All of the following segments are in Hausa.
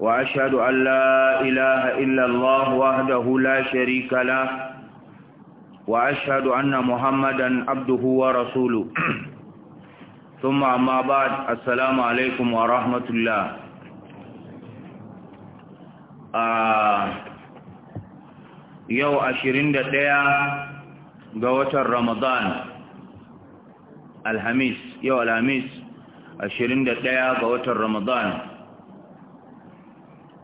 وأشهد أن لا إله إلا الله وحده لا شريك له وأشهد أن محمدا عبده ورسوله ثم أما بعد السلام عليكم ورحمة الله آه يو أشرين دقيقة قوة رمضان الحميس يو الحميس أشرين دقيقة قوة رمضان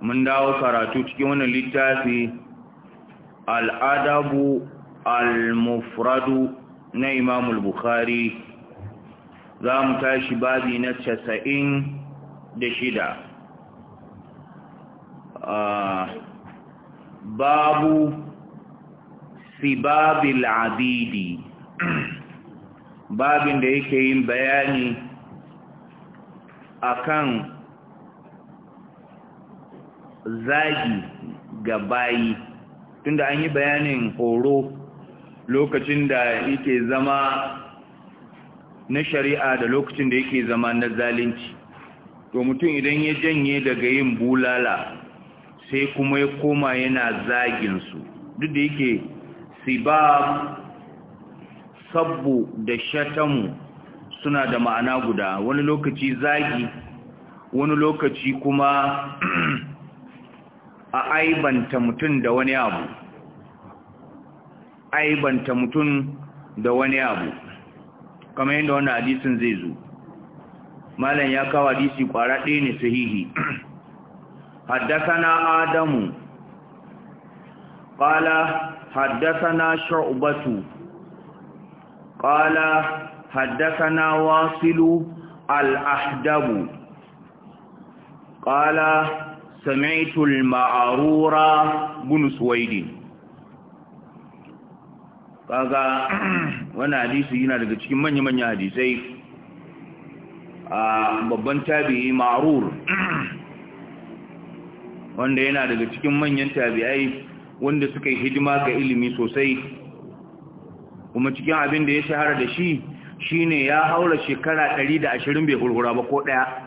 mun dawo karatu cikin wannan littafi al'adabu al-mufradu na imamul bukhari za mu tashi babi na casa'in da shida babu sibabil abidi babin da yake yin bayani akan zagi ga bayi tunda an yi bayanin horo lokacin da yake zama na shari'a da lokacin da yake zama na zalunci to mutum idan ya janye daga yin bulala sai kuma ya koma yana zaginsu duk da yake sibab sabbu da shatamu suna da ma'ana guda wani lokaci zagi wani lokaci kuma a aibanta mutum da wani abu aibanta mutum da wani abu kamar yadda wani hadisin zai zo malam ya kawo hadisi kwara ɗaya ne sahihi haddasana adamu ƙala haddasana sha'ubatu ƙala haddasana wasilu al-ahdabu ƙala سمعت المعرورة بن سويد kaga wani hadisi yana daga cikin manya-manya hadisai a babban tabi'i ma'rur wanda yana daga cikin manyan tabi'ai wanda suka yi hidima ga ilimi sosai kuma cikin abin da ya shahara da shi shine ya haura shekara 120 bai hurhura ba ko daya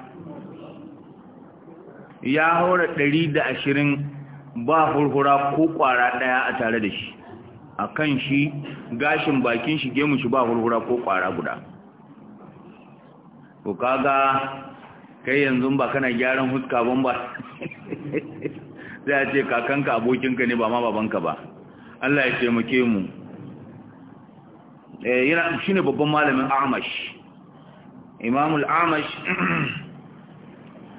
ya haura ɗari da ashirin ba hurhura ko ƙwara ɗaya a tare da shi a kan shi gashin bakin shi gemun shi ba hurhura ko ƙwara guda ko kaga kai yanzu ba kana gyaran huska ban ba Zai a ce kakanka abokinka ne ba ma babanka ba Allah ya taimake mu eh yana shine babban malamin Amash Imam al-Amash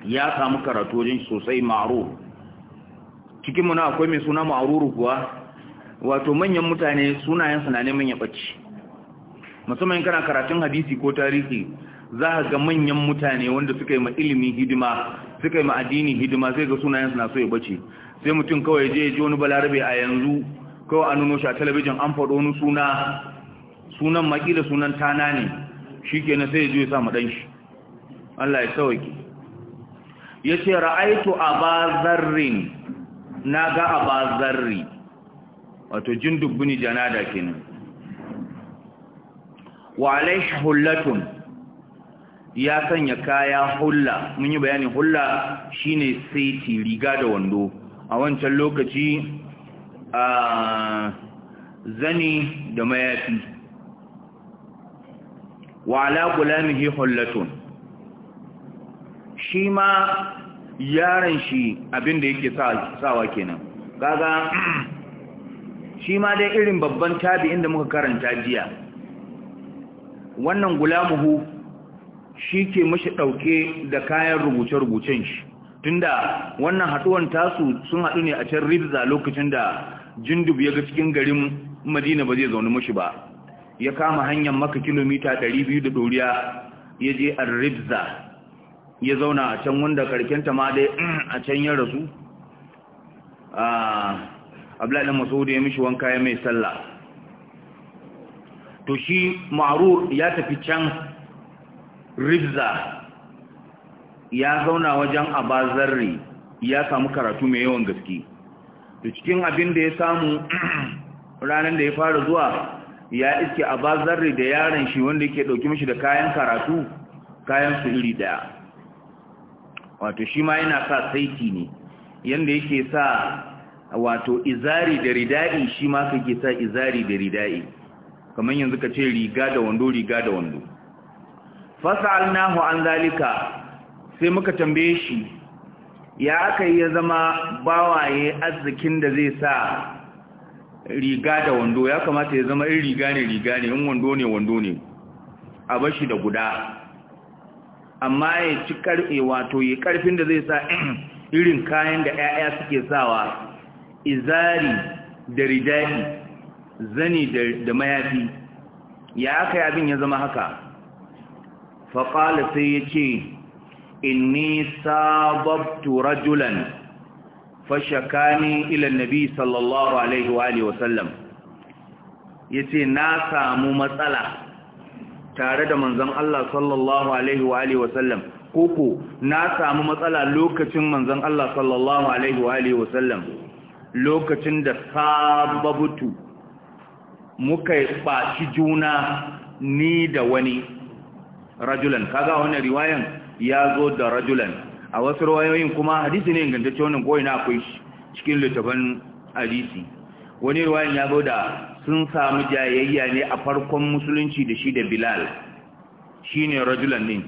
ya samu karatu sosai ma'aruru cikin muna akwai mai suna ma'aruru kuwa wato manyan mutane sunayensu na neman ya ɓace musamman kana karatun hadisi ko tarihi za a ga manyan mutane wanda suka yi ma ilimi hidima suka yi ma addini hidima sai ga sunayensu na so ya ɓace sai mutum kawai je ji wani balarabe a yanzu kawai a nuno shi a talabijin an faɗo wani suna sunan makila sunan tana ne shi kenan sai ya je ya sa ma ɗan shi Allah ya sauke ya ce ra'aitu a ba na ga a ba zarri wato jin dubbini janada kenan wa alaihi hullatun ya sanya kaya hulla mun yi bayanin hulla shine saiti riga da wando a wancan lokaci a zani da mayafi wa ala gulamihi hullatun shi ma yaron shi abinda da yake sawa kenan kaga shi ma dai irin babban tabi inda muka karanta jiya wannan gulamuhu shi ke mashi ɗauke da kayan rubuce-rubucen shi tunda wannan haɗuwan tasu sun haɗu ne a can ribza lokacin da jindub ya ga cikin garin madina ba zai zaune mashi ba ya kama hanyar maka kilomita 200 da ɗoriya ya je a ribza ya zauna a can wanda karkenta ma dai mm, a can ya rasu A abdullahi masudu ya mishi wanka ya mai sallah to shi Maru ya tafi can ribza ya zauna wajen abazarri ya samu karatu mai yawan gaske to cikin abin da ya samu ranar da ya fara zuwa ya iske abazarri da yaron shi wanda ke dauki mishi da kayan karatu kayan su iri daya wato shi ma yana sa saiti ne yanda yake sa wato izari da ridai shi ma kake sa izari da ridai kamar yanzu ka ce riga da wando riga da wando fas'alnahu an zalika sai muka tambaye shi ya aka ya zama bawaye arzikin da zai sa riga da wando ya kamata ya zama in riga ne riga ne in wando ne wando ne a bashi da guda amma ya ci karfe wato ya karfin da zai sa irin kayan da 'ya'ya suke sawa izari da ridai zani da mayafi ya aka abin ya zama haka faƙala sai ya ce in inni sababtu rajulan fashakani ilan nabi sallallahu alaihi wa sallam ya ce na samu matsala tare da manzon Allah sallallahu alaihi wa wasallam koko na samu matsala lokacin manzon Allah sallallahu alaihi wa wasallam lokacin da sababutu muka baci juna ni da wani rajulan kaga wannan riwayan ya zo da rajulan a wasu riwayoyin kuma hadisi ne ingantacce wannan goyi na akwai cikin littafin hadisi wani riwayan ya zo da sun samu jayayya ne a farkon musulunci da shi da bilal shi ne rajulan ɗin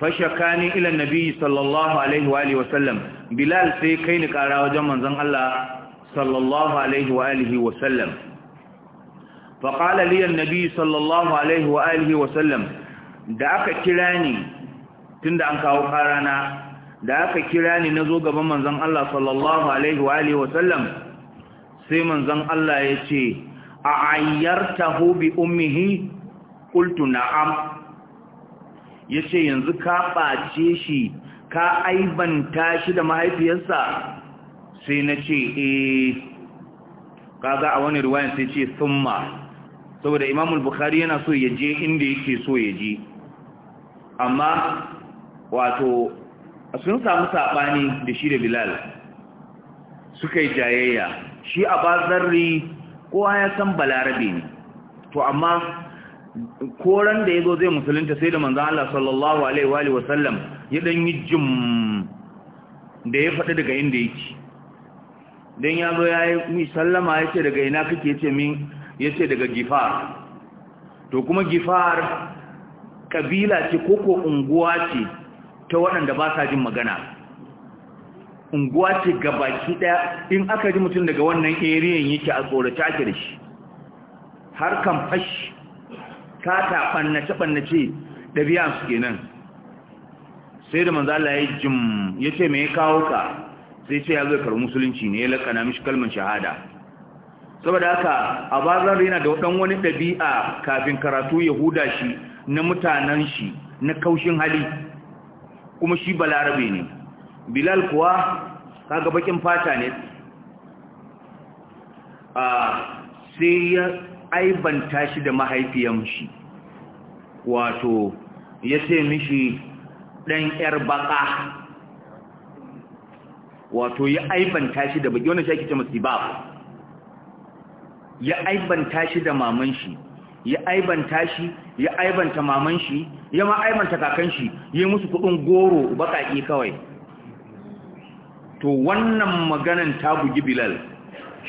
fashakani ilan nabi sallallahu alaihi wa sallam bilal sai kai ni kara wajen manzan Allah sallallahu alaihi wa wa sallam faƙala liyan nabi sallallahu alaihi wa wa sallam da aka kira ni tunda an kawo karana da aka kira ni na zo gaban manzan Allah sallallahu alaihi wa wa sallam sai manzon Allah ya ce a ayyarta Hobi ummihi qultu na'am ce yanzu ka ɓace shi ka aibanta shi da mahaifiyarsa sai na ce eh a wani riwayan sai ce thumma saboda Imam al-Bukhari yana so ya je inda yake so ya je amma wato sun samu saɓani da shi da Bilal suka yi jayayya shi a ba zarri kowa ya san balarabe ne to amma koran da ya zo zai musulunta sai da manzan Allah sallallahu Alaihi wasallam ya ɗan yi jim da ya faɗi daga inda yake don ya zo ya yi sallama ya ce daga ina kake ce min ya ce daga gifar to kuma gifar kabila ce koko unguwa ce ta waɗanda ba sa jin magana unguwa ce baki ɗaya in aka ji mutum daga wannan eriyan yake a tsorata ake da shi har kan fashi kata ɓannace-ɓannace ɗabi'a su kenan sai da manzala ya jim ya ce mai kawo ka sai ce ya zo karu musulunci ne ya lakana mishi kalmar shahada saboda haka a bazar yana da waɗan wani ɗabi'a kafin karatu ya huda shi na mutanen shi na kaushin hali kuma shi balarabe ne bilal kuwa kaga bakin fata ne sai ya aibanta shi da mahaifiyar shi wato ya ce mishi ɗan ‘yar baka wato ya aibanta shi da baki wani shi ce masiba. ya aibanta shi da maman shi ya aibanta shi ya aibanta maman shi ya ma aibanta kakan shi ya musu kudin goro baƙaƙi kawai to wannan maganan ta bugi bilal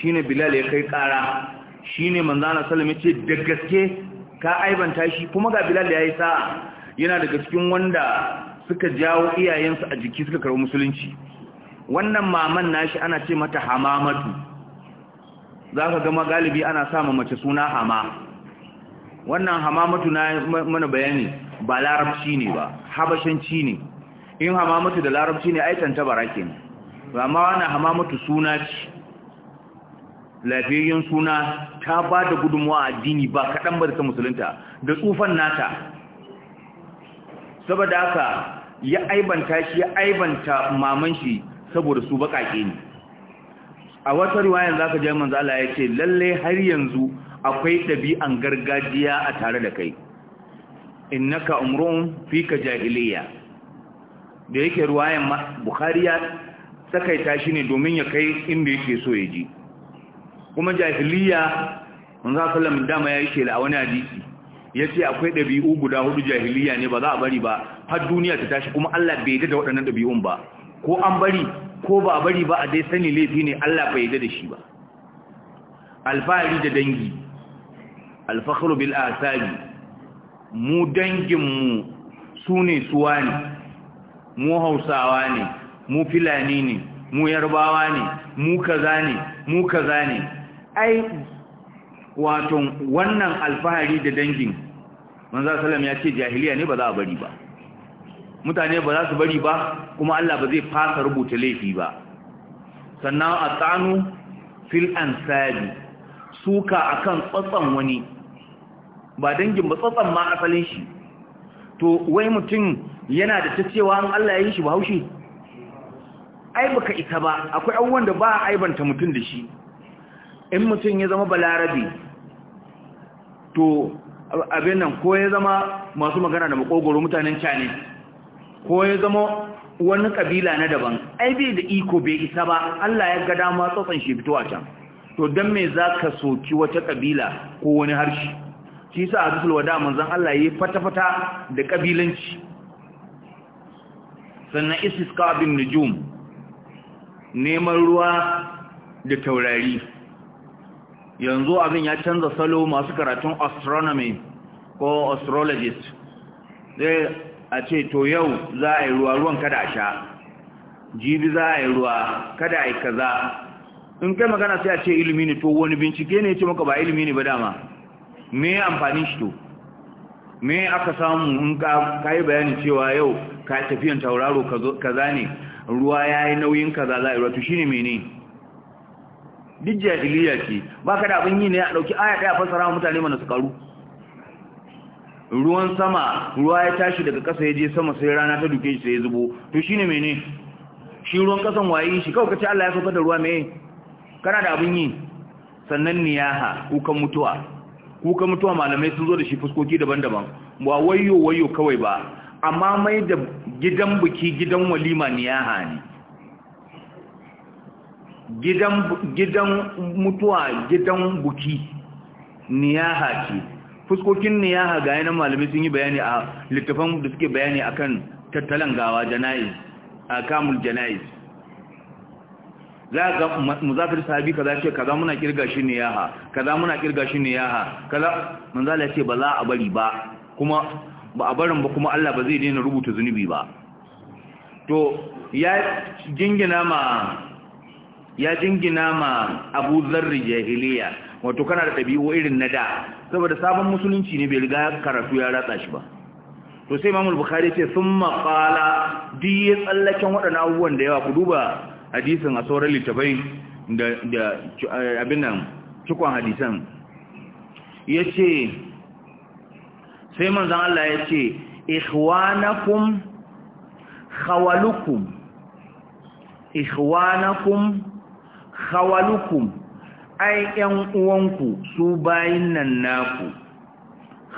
shine bilal ya kai kara shine manzana ya ce da gaske ka aibanta shi kuma ga bilal ya yi sa'a yana daga cikin wanda suka jawo iyayensu a jiki suka karɓi musulunci wannan maman nashi ana ce mata hamamatu zaka ga magalibi ana sama mace suna hama wannan hamamatu na mana bayani ba larabci ne ba habashanci ne in hamamatu da larabci ne aitanta barakin bara kenan Ramawa na hamamatu suna ce lafiyayyen suna ta ba da gudunmuwa a addini ba kaɗan ba da ta musulunta da tsufan nata saboda haka ya aibanta shi ya aibanta maman shi saboda su baƙaƙe ne a wata riwayar za ka je manzo ya ce lalle har yanzu akwai ɗabi'an gargajiya a tare da kai innaka umrun fika jahiliya da yake ruwayan Bukhari ya sakaita shi ne domin ya kai inda yake so ya je. kuma jahiliya manzo sallam dama ya yi shela a wani hadisi yace akwai dabi'u guda hudu jahiliya ne ba za a bari ba har duniya ta tashi kuma Allah bai yarda da waɗannan dabi'un ba ko an bari ko ba a bari ba a dai sani laifi ne Allah bai yarda da shi ba alfahari da dangi alfakhru bil asabi mu dangin mu sune suwa mu hausawa ne mu filani ne mu yarbawa ne mu kaza ne mu kaza ne ai wato wannan alfahari da dangin manzo sallam ya ce jahiliya ne ba za a bari ba mutane ba za su bari ba kuma Allah ba zai fasa rubuta laifi ba sannan a tsanu fil ansabi suka akan tsatsan wani ba dangin ba tsatsan ma asalin shi to wai mutum yana da ta cewa an Allah ya yi shi ba haushi ai baka ita ba akwai abubuwan da ba a aibanta mutum da shi in mutum ya zama balarabe to abin nan ko ya zama masu magana da makogoro mutanen cani ko ya zama wani kabila na daban ai bai da iko bai isa ba Allah ya ga dama tsotsan shi fito a can to dan me zaka soki wata kabila ko wani harshe shi yasa hadisul wada manzan Allah yayi fata-fata da kabilanci sannan ka bin nujum neman ruwa da taurari yanzu abin ya canza salo masu karatun astronomy ko astrologist zai a ce to yau za a yi ruwa ruwan kada a sha jibi za a yi ruwa kada a yi kaza in kai magana sai a ce ilimi ne to wani bincike ne ce maka ba ilimi ne ba dama me amfani shi to me aka samu in ka yi bayani cewa yau ka tafiyan tauraro kaza ne ruwa ya yi nauyin kaza za a yi ruwa to shi ne mene duk jahiliya ce ba ka da abin yi ne a ɗauki aya ɗaya fassara mutane mana su karu ruwan sama ruwa ya tashi daga ƙasa ya je sama sai rana ta duke shi sai ya zubo to shi ne mene shi ruwan ƙasan waye shi kawai ka ce Allah ya sauka da ruwa mai kana da abin yi sannan niyaha kukan mutuwa kukan mutuwa malamai sun zo da shi fuskoki daban-daban ba wayo wayo kawai ba amma mai da gidan buki gidan walima niyaha ne gidan mutuwa gidan buki niyaha ce fuskokin niyaha ga yanar malamai sun yi bayani a littafan da suke bayani akan tattalin gawa jana'iz a kamul jana'iz za ga muzafir sahabi kaza ce kaza muna kirga shi niyaha kaza muna kirga shi niyaha kaza manzala ce ba za a bari ba kuma ba a barin ba kuma Allah ba zai daina rubuta zunubi ba to ya jingina ma ya jingina ma Abu Dharr jahiliya wato kana da ɗabi'u irin na da saboda sabon musulunci ne bai riga karatu ya ratsa shi ba to sai Imam Bukhari ce summa qala di tsallaken wadannan abubuwan da yawa ku duba hadisin a sauran litabai da da abin nan cikon hadisan yace sai manzan Allah ya ce ikhwanakum khawalukum ikhwanakum khawalukum ai ƴan uwanku su bayin nan naku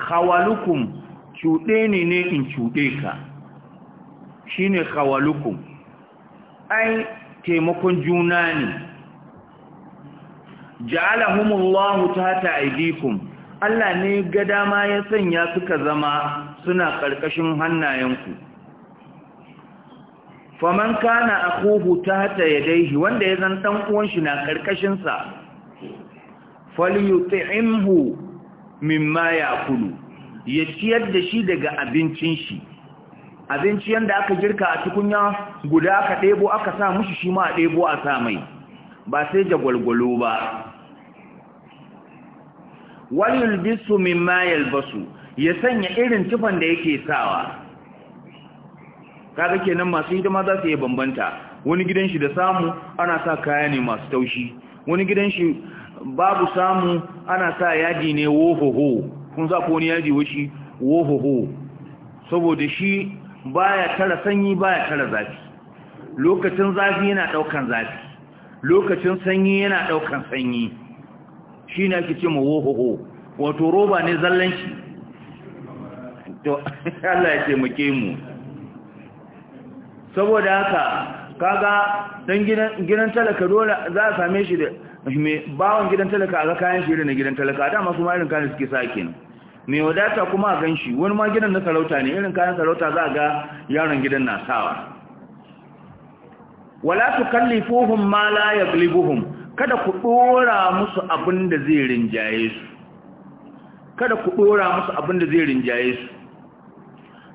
khawalukum cuɗe ne ne in cuɗe ka shine khawalukum ai taimakon juna ne ja'alahumullahu ta aidikum Allah ne ga dama ya sanya suka zama suna ƙarƙashin hannayenku faman kana hata ya daihi wanda ya zan ɗan na ƙarƙashinsa. sa falyut'imhu mimma Kulu ya ciyar da shi daga abincin shi abinci yadda aka girka a tukunya guda aka ɗebo aka sa mushi shi ma a ɗebo a sa mai ba sai da gwalgwalo ba waliyulbisu mimma yalbasu ya sanya irin tufan da yake sawa kaga kenan masu hidima za su yi bambanta wani gidan shi da samu ana sa kaya ne masu taushi wani gidan shi babu samu ana sa yaji ne wohoho kun za ku wani yaji wushi wohoho saboda shi baya tara sanyi baya tara zafi lokacin zafi yana daukan zafi lokacin sanyi yana daukan sanyi shi ne ake ce ma wato roba ne zallan shi to Allah ya taimake mu saboda haka kaga dan gidan gidan talaka dole za a same shi da me bawon gidan talaka ga kayan shi na gidan talaka da masu ma irin kayan suke sake kenan mai wadata kuma a ganshi wani ma gidan na sarauta ne irin kayan sarauta za a ga yaron gidan na sawa wala tukallifuhum ma la yaghlibuhum kada ku dora musu abin da zai rinjaye su kada ku dora musu abin da zai rinjaye su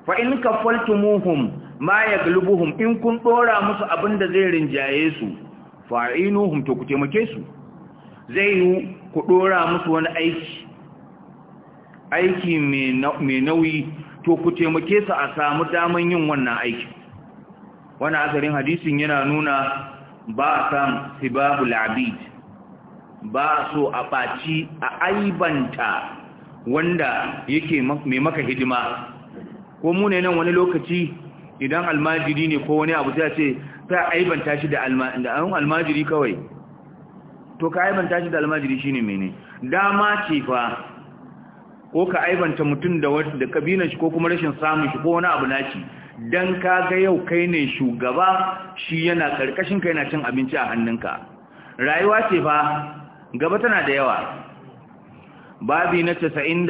fa in kafaltumuhum ma yaglubuhum in kun dora musu abin da zai rinjaye su inuhum to ku taimake su zai yi ku dora musu wani aiki aiki mai nauyi to ku taimake su a samu daman yin wannan aiki wannan azarin hadisin yana nuna ba san sibabul abid ba so a ɓaci a aibanta wanda yake mai maka hidima ko mu ne nan wani lokaci idan almajiri ne ko wani abu sai ce ta aibanta shi da almajiri kawai to ka aibanta shi da almajiri shine mene dama ce fa ko ka aibanta mutum da wata da kabilan shi ko kuma rashin samun shi ko wani abu naci don kaga yau kai ne shugaba shi yana karkashin kai na cin abinci a hannunka rayuwa ce fa gaba tana da yawa babi na casa'in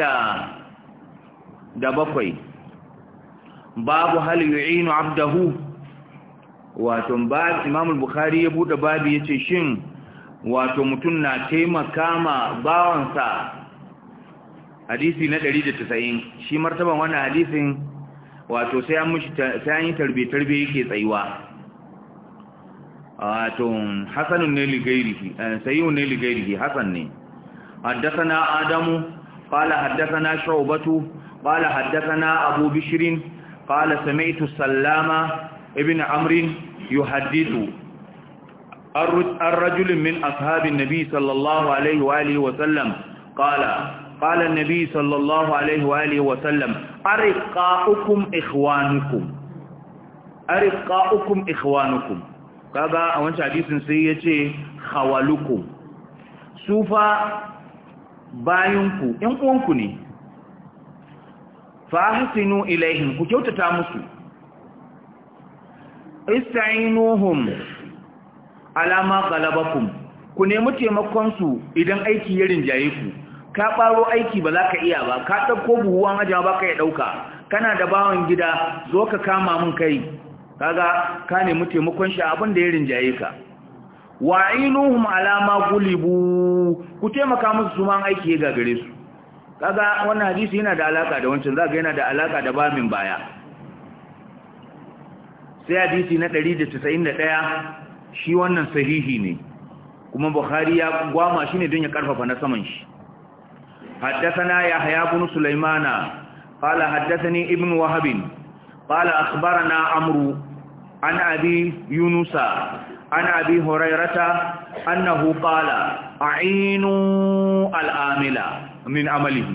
da bakwai babu haliyu inu abdahu wato imamul bukhari ya buɗe babi ya ce shin wato mutum na taimaka ma bawansa hadisi na 190 shi martaban wannan hadisin wato sai an sai an yi tarbe-tarbe yake tsayuwa wato hasanun ne ligairihi eh, sayyun ne ligairihi hasan ne haddathana adamu qala haddathana shubatu qala haddathana abu bishrin qala sami'tu sallama ibn amrin yuhaddithu الرجل من أصحاب النبي صلى الله عليه وآله وسلم qala. قال النبي صلى الله عليه وآله وسلم أرقاؤكم إخوانكم a wancan كذا sai حديث سيئة خولكم سوفا bayanku ‘yan uwanku ne fahasinu ilaihim ku kyautata musu ista'inuhum alama galabakum ku nemi taimakonsu idan aiki ya rinjaye ku ka ɓaro aiki ba za ka iya ba ka ɗauko buhuwan ajiya ba ka ya ɗauka kana da bawan gida zo ka kama min kai kaga ka nemi taimakon shi abin da ya rinjaye ka wa'inuhum alama gulibu ku taimaka musu su man aiki ya gagare su kaga wannan hadisi yana da alaka da wancan zaka yana da alaka da ba min baya sai hadisi na 191 shi wannan sahihi ne kuma bukhari ya gwama shi ne don ya karfafa na saman shi حدثنا يحيى بن سليمان قال حدثني ابن وهب قال أخبرنا عمرو عن أبي يونس عن أبي هريرة أنه قال أعينوا الآمل من عمله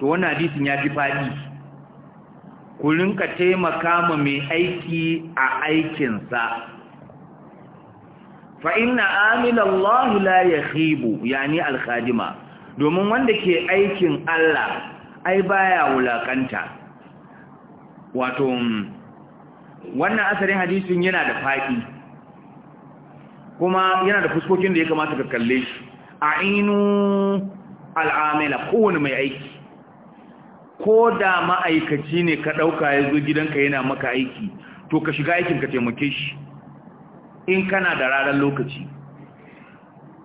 توانا حديث ياتي فادي kullun ka taimaka ma mai aiki a aikinsa fa inna amilallahi la yakhibu yani alkhadima domin wanda ke aikin Allah ai baya wulakanta wato wannan asarin hadisin yana da faɗi kuma yana da fuskokin da ya kamata ka kalle shi a inu al'amila kowane mai aiki ko da ma'aikaci ne ka ɗauka ya zo gidanka yana maka aiki to ka shiga aikin ka taimake shi in kana da ranar lokaci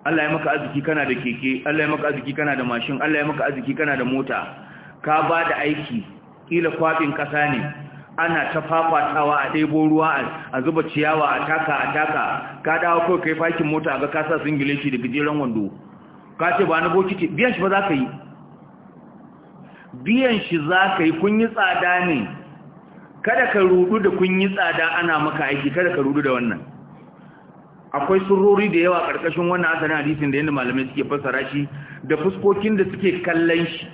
Allah ya maka arziki kana da keke Allah ya maka arziki kana da mashin Allah ya maka arziki kana da mota ka ba da aiki kila kwabin kasa ne ana ta fafatawa a ɗebo ruwa a zuba ciyawa a taka a taka ka dawo kawai kai fakin mota ga kasa gile shi da gajeren wando ka ce ba na bokiti biyan shi ba za ka yi biyan shi za ka yi kun yi tsada ne kada ka rudu da kun yi tsada ana maka aiki kada ka rudu da wannan akwai surori da yawa ƙarƙashin wannan asalin hadisin da yadda malamai suke fassara shi da fuskokin da suke kallon shi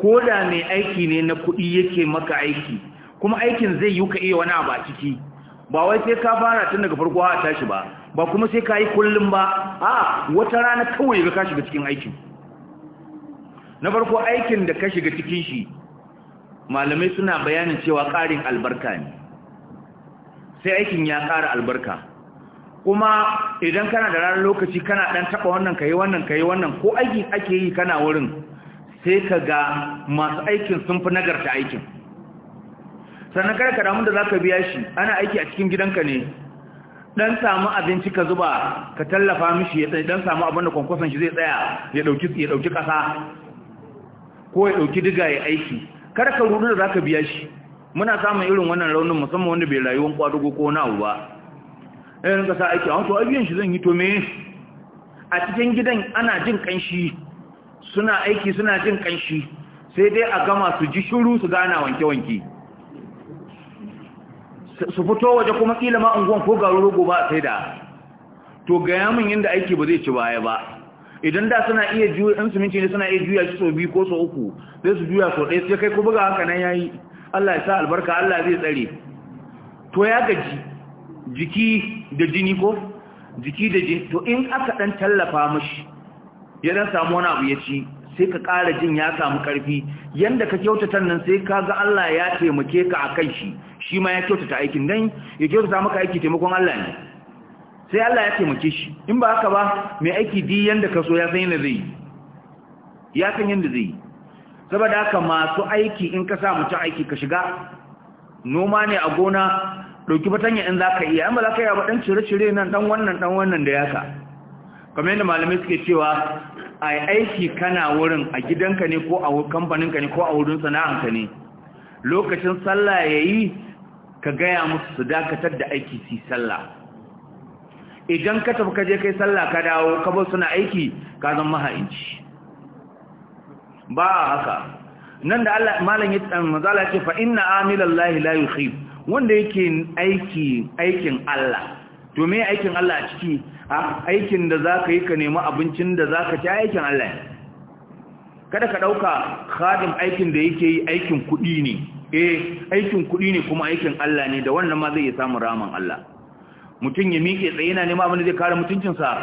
ko da mai aiki ne na kuɗi yake maka aiki kuma aikin zai yi ka iya wani abu a ciki ba wai sai ka fara tun daga farko a tashi ba ba kuma sai ka yi kullum ba a wata rana kawai ga ka shiga cikin aikin na farko aikin da ka shiga cikin shi malamai suna bayanin cewa ƙarin albarka ne sai aikin ya ƙara albarka kuma idan kana da ranar lokaci kana dan taba wannan kai wannan kai wannan ko aiki ake yi kana wurin sai ka ga masu aikin sun fi nagarta aikin sannan kada ka damu da za biya shi ana aiki a cikin gidanka ne dan samu abinci ka zuba ka tallafa mishi ya dan samu abin da kwankwason shi zai tsaya ya dauki ya dauki kasa ko ya dauki diga ya aiki kada ka rudu da za biya shi muna samun irin wannan raunin musamman wanda bai rayuwar kwadugo ko na uwa ɗaya rinka sa aiki a wato abiyan shi zan yi to a cikin gidan ana jin ƙanshi suna aiki suna jin ƙanshi sai dai a gama su ji shuru su gana wanke-wanke su fito waje kuma kila ma unguwan ko garu rogo ba sai da to gaya yamin yadda aiki ba zai ci baya ba idan da suna iya juya in minci ne suna iya juya shi sau biyu ko sau uku sai su juya sau ɗaya sai kai ko buga haka nan yi. Allah ya sa albarka Allah zai tsare to ya gaji jiki da jini ko jiki da jini to in aka dan tallafa mashi ya dan samu wani abu ya ci sai ka ƙara jin ya samu ƙarfi yanda ka kyautata nan sai ka ga Allah ya taimake ka akan shi shi ma ya kyautata aikin dan ya kyautata maka aiki taimakon Allah ne sai Allah ya taimake shi in ba haka ba mai aiki di yanda ka so ya san yanda zai ya san yanda zai saboda haka masu aiki in ka sa mutum aiki ka shiga noma ne a gona ɗauki batanya in zaka ka iya amma za iya ɗan cire-cire nan dan wannan ɗan wannan da yaka kamar yadda malamai suke cewa a aiki kana wurin a gidanka ne ko a kamfaninka ne ko a wurin sana'anka ne lokacin sallah ya yi ka gaya musu su dakatar da aiki su sallah idan ka tafi ka je kai sallah ka dawo ka bar suna aiki ka zan maha'inci ba haka nan da Allah malam ya eh, ce fa inna amilallahi la yukhif wanda yake aiki aikin Allah to me aikin Allah a ciki aikin da zaka yi ka nemi abincin da zaka ci aikin Allah kada ka dauka khadim aikin da yake yi aikin kudi ne eh aikin kudi ne kuma aikin Allah ne da wannan ma zai iya samu raman Allah mutum ya miƙe tsaye yana nema abin da zai kare mutuncinsa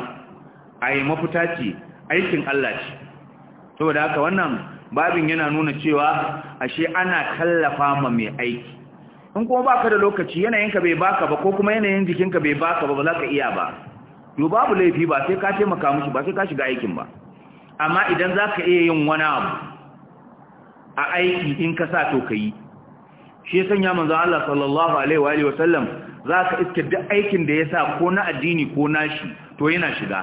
ai mafuta ce aikin Allah ce saboda haka wannan babin yana nuna cewa ashe ana tallafa ma mai aiki in kuma baka da lokaci yanayinka bai baka ba ko kuma yanayin jikinka bai baka ba ba za ka iya ba yau babu laifi ba sai ka taimaka mushi ba sai ka shiga aikin ba amma idan za ka iya yin wani abu a aiki in ka sa to ka yi shi ya sanya manzo Allah sallallahu alaihi wa za ka iske duk aikin da ya sa ko na addini ko na shi to yana shiga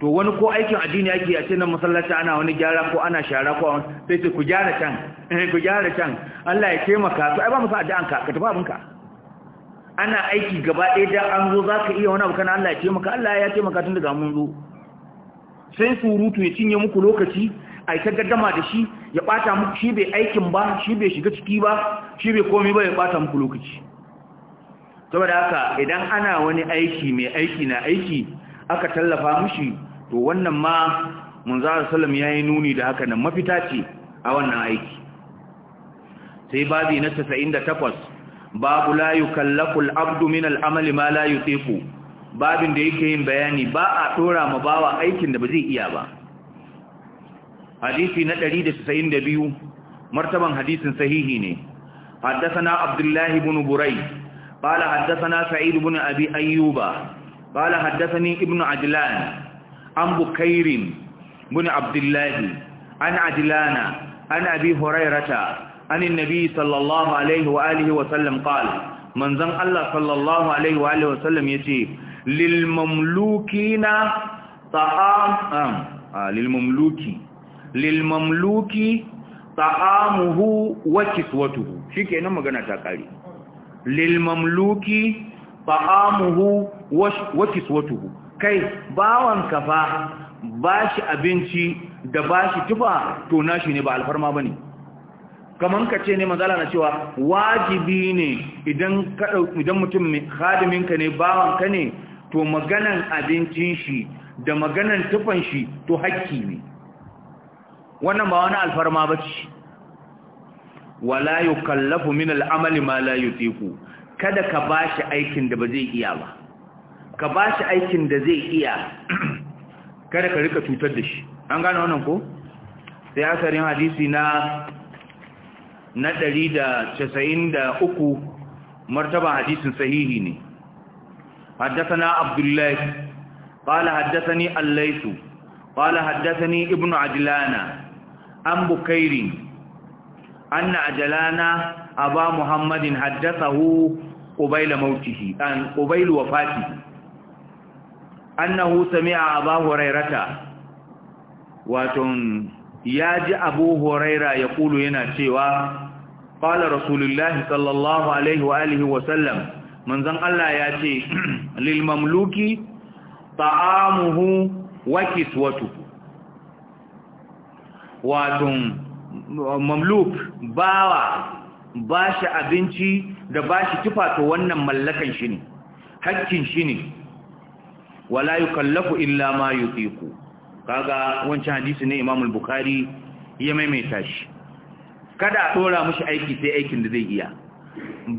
to wani ko aikin addini yake a cikin masallaci ana wani gyara ko ana shara ko sai ku gyara can eh ku gyara can Allah ya taimaka to ai ba mu sa addu'an ka ka tafi abinka ana aiki gaba ɗaya da an zo zaka iya wani abu kana Allah ya taimaka Allah ya taimaka tun daga mun zo sai surutu ya cinye muku lokaci yi ta gaddama da shi ya bata muku shi bai aikin ba shi bai shiga ciki ba shi bai komai ba ya bata muku lokaci saboda haka idan ana wani aiki mai aiki na aiki aka tallafa mushi to wannan ma Munzar sallam ya yi nuni da haka nan mafita ce a wannan aiki sai babi na 98 babu la yukallafu abdu min amali ma la yutiqu babin da yake yin bayani ba a dora ma bawa aikin da ba zai iya ba hadisi na 192 martaban hadisin sahihi ne حدثنا عبد الله burai بري قال حدثنا سعيد بن أبي أيوب قال حدثني ابن عجلان an bukairin bin abdullahi an adilana an abi hurairata an annabi sallallahu alaihi wa alihi wa sallam qala manzon Allah sallallahu alaihi wa alihi wa sallam yace lil lil mamluki lil mamluki ta'amuhu wa kiswatuhu shikenan magana ta kare lil ta'amuhu wa kiswatuhu kai bawan kafa, fa ba shi abinci da ba shi tufa to shi ne ba alfarma ba ne kamar ka ce ne mazala na cewa wajibi ne idan mutum mai hadiminka ne bawanka ne to maganan abincin shi da maganan tufan shi to hakki ne wannan ba wani alfarma ba ce wala kallafu min al'amali ma la teku kada ka ba shi aikin da ba zai iya ba ka ba shi aikin da zai iya kada ka rika cutar da shi an gane wannan ko sai asarin hadisi na na 193 martaba hadisin sahihi ne حدثنا عبد الله قال حدثني الليث قال حدثني ابن عجلان عن بكير أن عجلان أبا محمد حدثه قبيل موته أن قبيل وفاته annahu sami'a aba hurairata waton ya ji abu huraira ya kulu yana cewa qala rasulullahi sallallahu alaihi wa alihi wa sallam manzon Allah ya ce lil mamluki ta'amuhu wa kiswatuhu waton mamluk bawa bashi abinci da bashi tufa to wannan mallakan shi ne hakkin shi ne wala yukallafu illa ma yutiku kaga wancan hadisi ne Imam al-Bukhari ya maimaita shi kada a tsora mashi aiki sai aikin da zai iya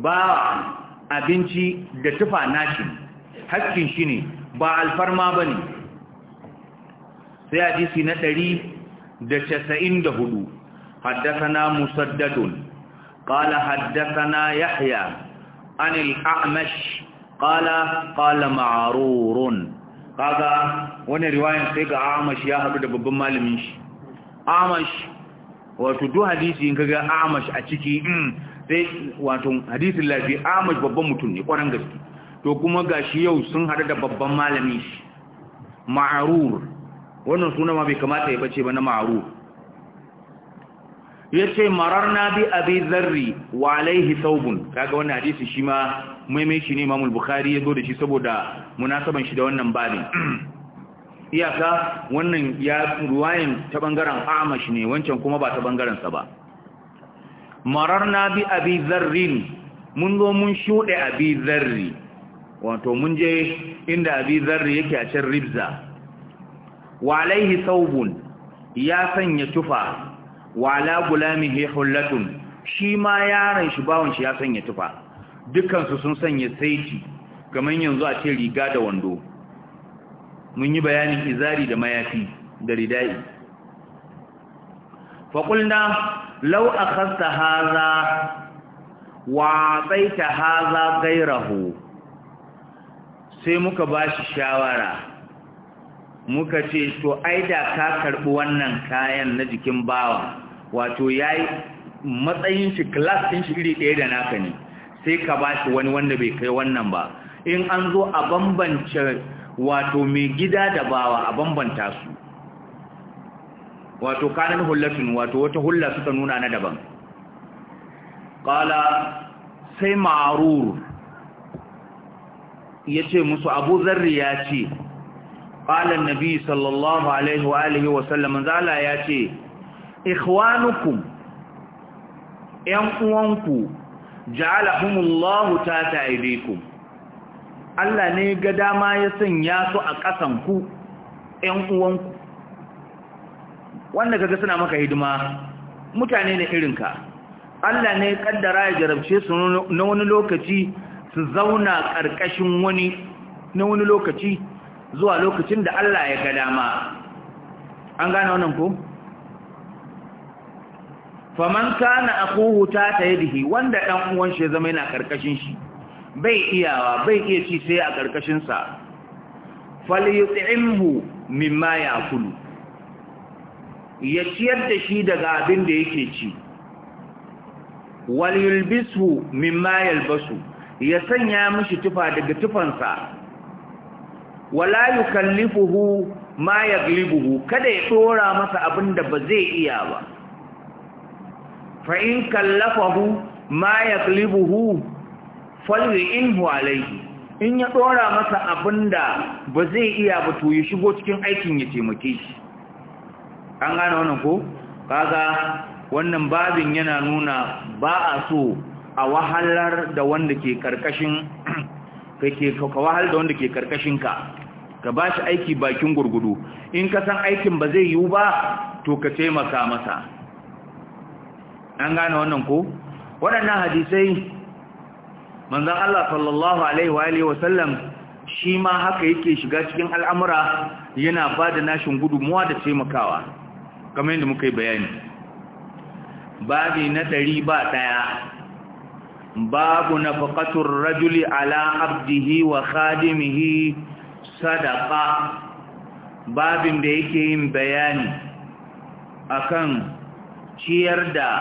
ba abinci da tufa nashi hakkin shi ne ba alfarma bane sai hadisi na 194 haddathana musaddadun قال حدثنا يحيى عن الأعمش قال قال معرور kaga wani riwayan sai ga amash ya haɗu da babban malamin shi amash wato duk hadisi in kaga amash a ciki mm, sai wato hadisin lafi amash babban mutum ne ƙwarar gaske to kuma gashi yau sun haɗu da babban malamin shi ma'arur wannan suna ma bai kamata ya bace ba na ma'arur Ya yace mararna bi abi zarri wa alaihi saubun kaga wannan hadisi shi ma maimai shi ne Imam Bukhari ya zo da shi saboda munasaban shi da wannan babin iyaka wannan ya ruwayin ta bangaren Amash ne wancan kuma ba ta bangaren sa ba mararna bi abi zarrin mun zo mun shude abi zarri wato mun je inda abi zarri yake a can ribza wa alaihi saubun ya sanya tufa Wala gulamin gulamihi hullatun shi ma yaron shi bawon shi ya sanya tufa dukansu sun sanya saiti kamar yanzu a ce riga da wando mun yi bayanin izari da mayafi da ridai faƙulna lau a kasta haza wa tsaita haza gairahu sai muka bashi shawara muka ce to ai da ka karɓi wannan kayan na jikin bawa wato ya matsayin shi class din shi iri ɗaya da naka ne sai ka ba wani wanda bai kai wannan ba in an zo a bambance wato mai gida da bawa a bambanta su wato kanan hullatun wato wata hulla suka nuna na daban ƙala sai ma'rur yace musu abu zarri ya ce ƙalar nabi sallallahu alaihi wa alihi wasallam zala ya ce ikhwanukum ‘yan uwanku ja'alahumullahu ta ta'idikum Allah ne ga dama ya sanya su a kasan ku ‘yan uwanku wanda kaga suna maka hidima mutane ne irinka Allah ne kaddara ya jarabce su na wani lokaci su zauna ƙarƙashin wani na wani lokaci zuwa lokacin da Allah ya ga dama an gane wannan ko faman kana akuhu ta taydihi wanda dan uwan shi zama yana karkashin shi bai iyawa bai iya ci sai a karkashin sa falyut'imhu mimma yakul ya ciyar da shi daga abin da yake ci walyulbishu mimma yalbasu ya sanya mishi tufa daga tufansa wala yukallifuhu ma yaglibuhu kada ya dora masa abin da ba zai iya ba fa in kallafahu ma yaglibuhu falwi'inhu alayhi in ya dora masa abin da ba zai iya ba to ya shigo cikin aikin ya taimake shi an gane wannan ko kaga wannan babin yana nuna ba a so a wahalar da wanda ke karkashin kake ka wahal da wanda ke karkashin ka ka bashi aiki bakin gurgudu in ka san aikin ba zai yiwu ba to ka taimaka masa an gane wannan ko waɗannan hadisai manzon Allah sallallahu alaihi wa alihi wa sallam shi ma haka yake shiga cikin al'amura yana ba da nashin gudunmuwa da taimakawa kamar yadda muka yi bayani babi na ɗari ba ɗaya babu nafaqatur rajuli ala abdihi wa khadimihi sadaqa babin da yake yin bayani akan ciyar da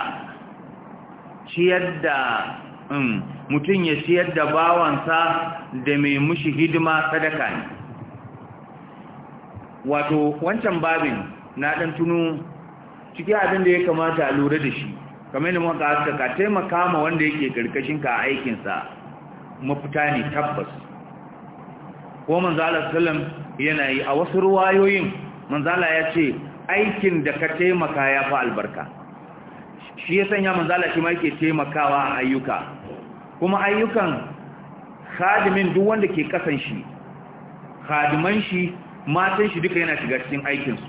ciyar da mm, mutum ya ciyar da bawansa da mai mushi hidima sadaka ne wato wancan babin na ɗan tunu ciki abin da ya kamata a lura da shi kamar da muka aska ka taimaka ma wanda yake karkashin ka aikinsa mafita ne tabbas ko manzala sallam yana yi a wasu ruwayoyin manzala ya ce aikin da ka taimaka ya fi albarka shi ya sanya manzala shi ma yake taimakawa a ayyuka kuma ayyukan khadimin duk wanda ke kasan shi khadiman shi matan shi duka yana shiga cikin aikinsu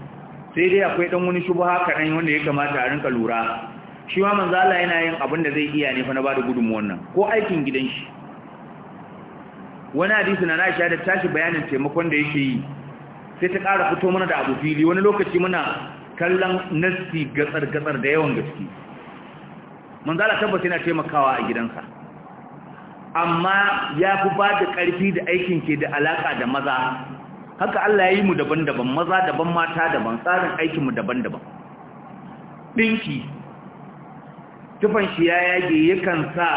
sai dai akwai ɗan wani shubuha kaɗan wanda ya kamata a rinka lura shi ma manzo Allah yana yin abin da zai iya ne fa na bada gudunmuwan nan ko aikin gidan shi wani hadisi na Aisha da tashi bayanin taimakon da yake yi sai ta ƙara fito mana da abu fili wani lokaci muna kallon nasi gatsar gatsar da yawan gaske manzo Allah tabbata yana taimakawa a gidansa amma ya fi ba da ƙarfi da aikin ke da alaka da maza haka Allah ya yi mu daban-daban maza daban mata daban tsarin aikinmu daban-daban ɗinki tufan shi ya yage yakan sa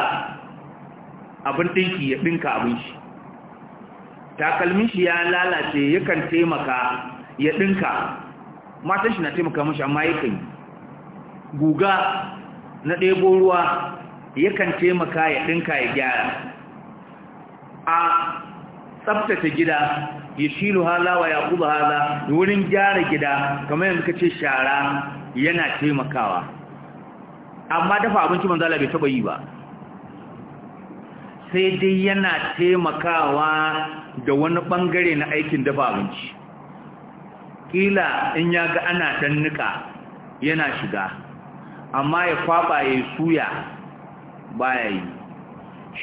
abin ɗinki ya ɗinka abin shi takalmin shi ya lalace yakan taimaka ya ɗinka matan shi na taimaka mashi amma yakan guga na ɗebo ruwa yakan taimaka ya ɗinka ya gyara a tsabtace gida ya shilu hala wa yaƙubu hala wurin gyara gida kamar yanzu ka ce shara yana taimakawa amma dafa abinci Allah bai taba yi ba sai dai yana taimakawa da wani bangare na aikin dafa abinci kila in ya ga ana dan yana shiga amma ya kwaba ya suya baya yi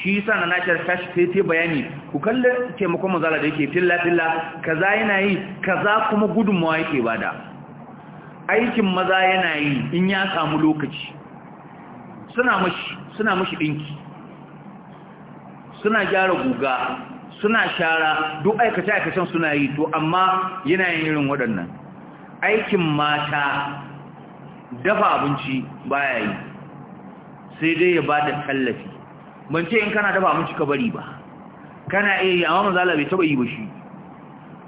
shi sana na ce sai bayani ku kalli taimakon Allah da yake filla-filla kaza yana yi kaza kuma gudunmawa yake bada aikin maza yana yi in ya samu lokaci suna mashi suna mashi ɗinki suna gyara guga suna shara duk aikace-aikacen suna yi to amma yana yin irin waɗannan aikin mata dafa abinci baya yi sai dai ya ba da tallafi ban ce in kana dafa abinci ka bari ba kana iya yi amma manzala bai taɓa yi ba shi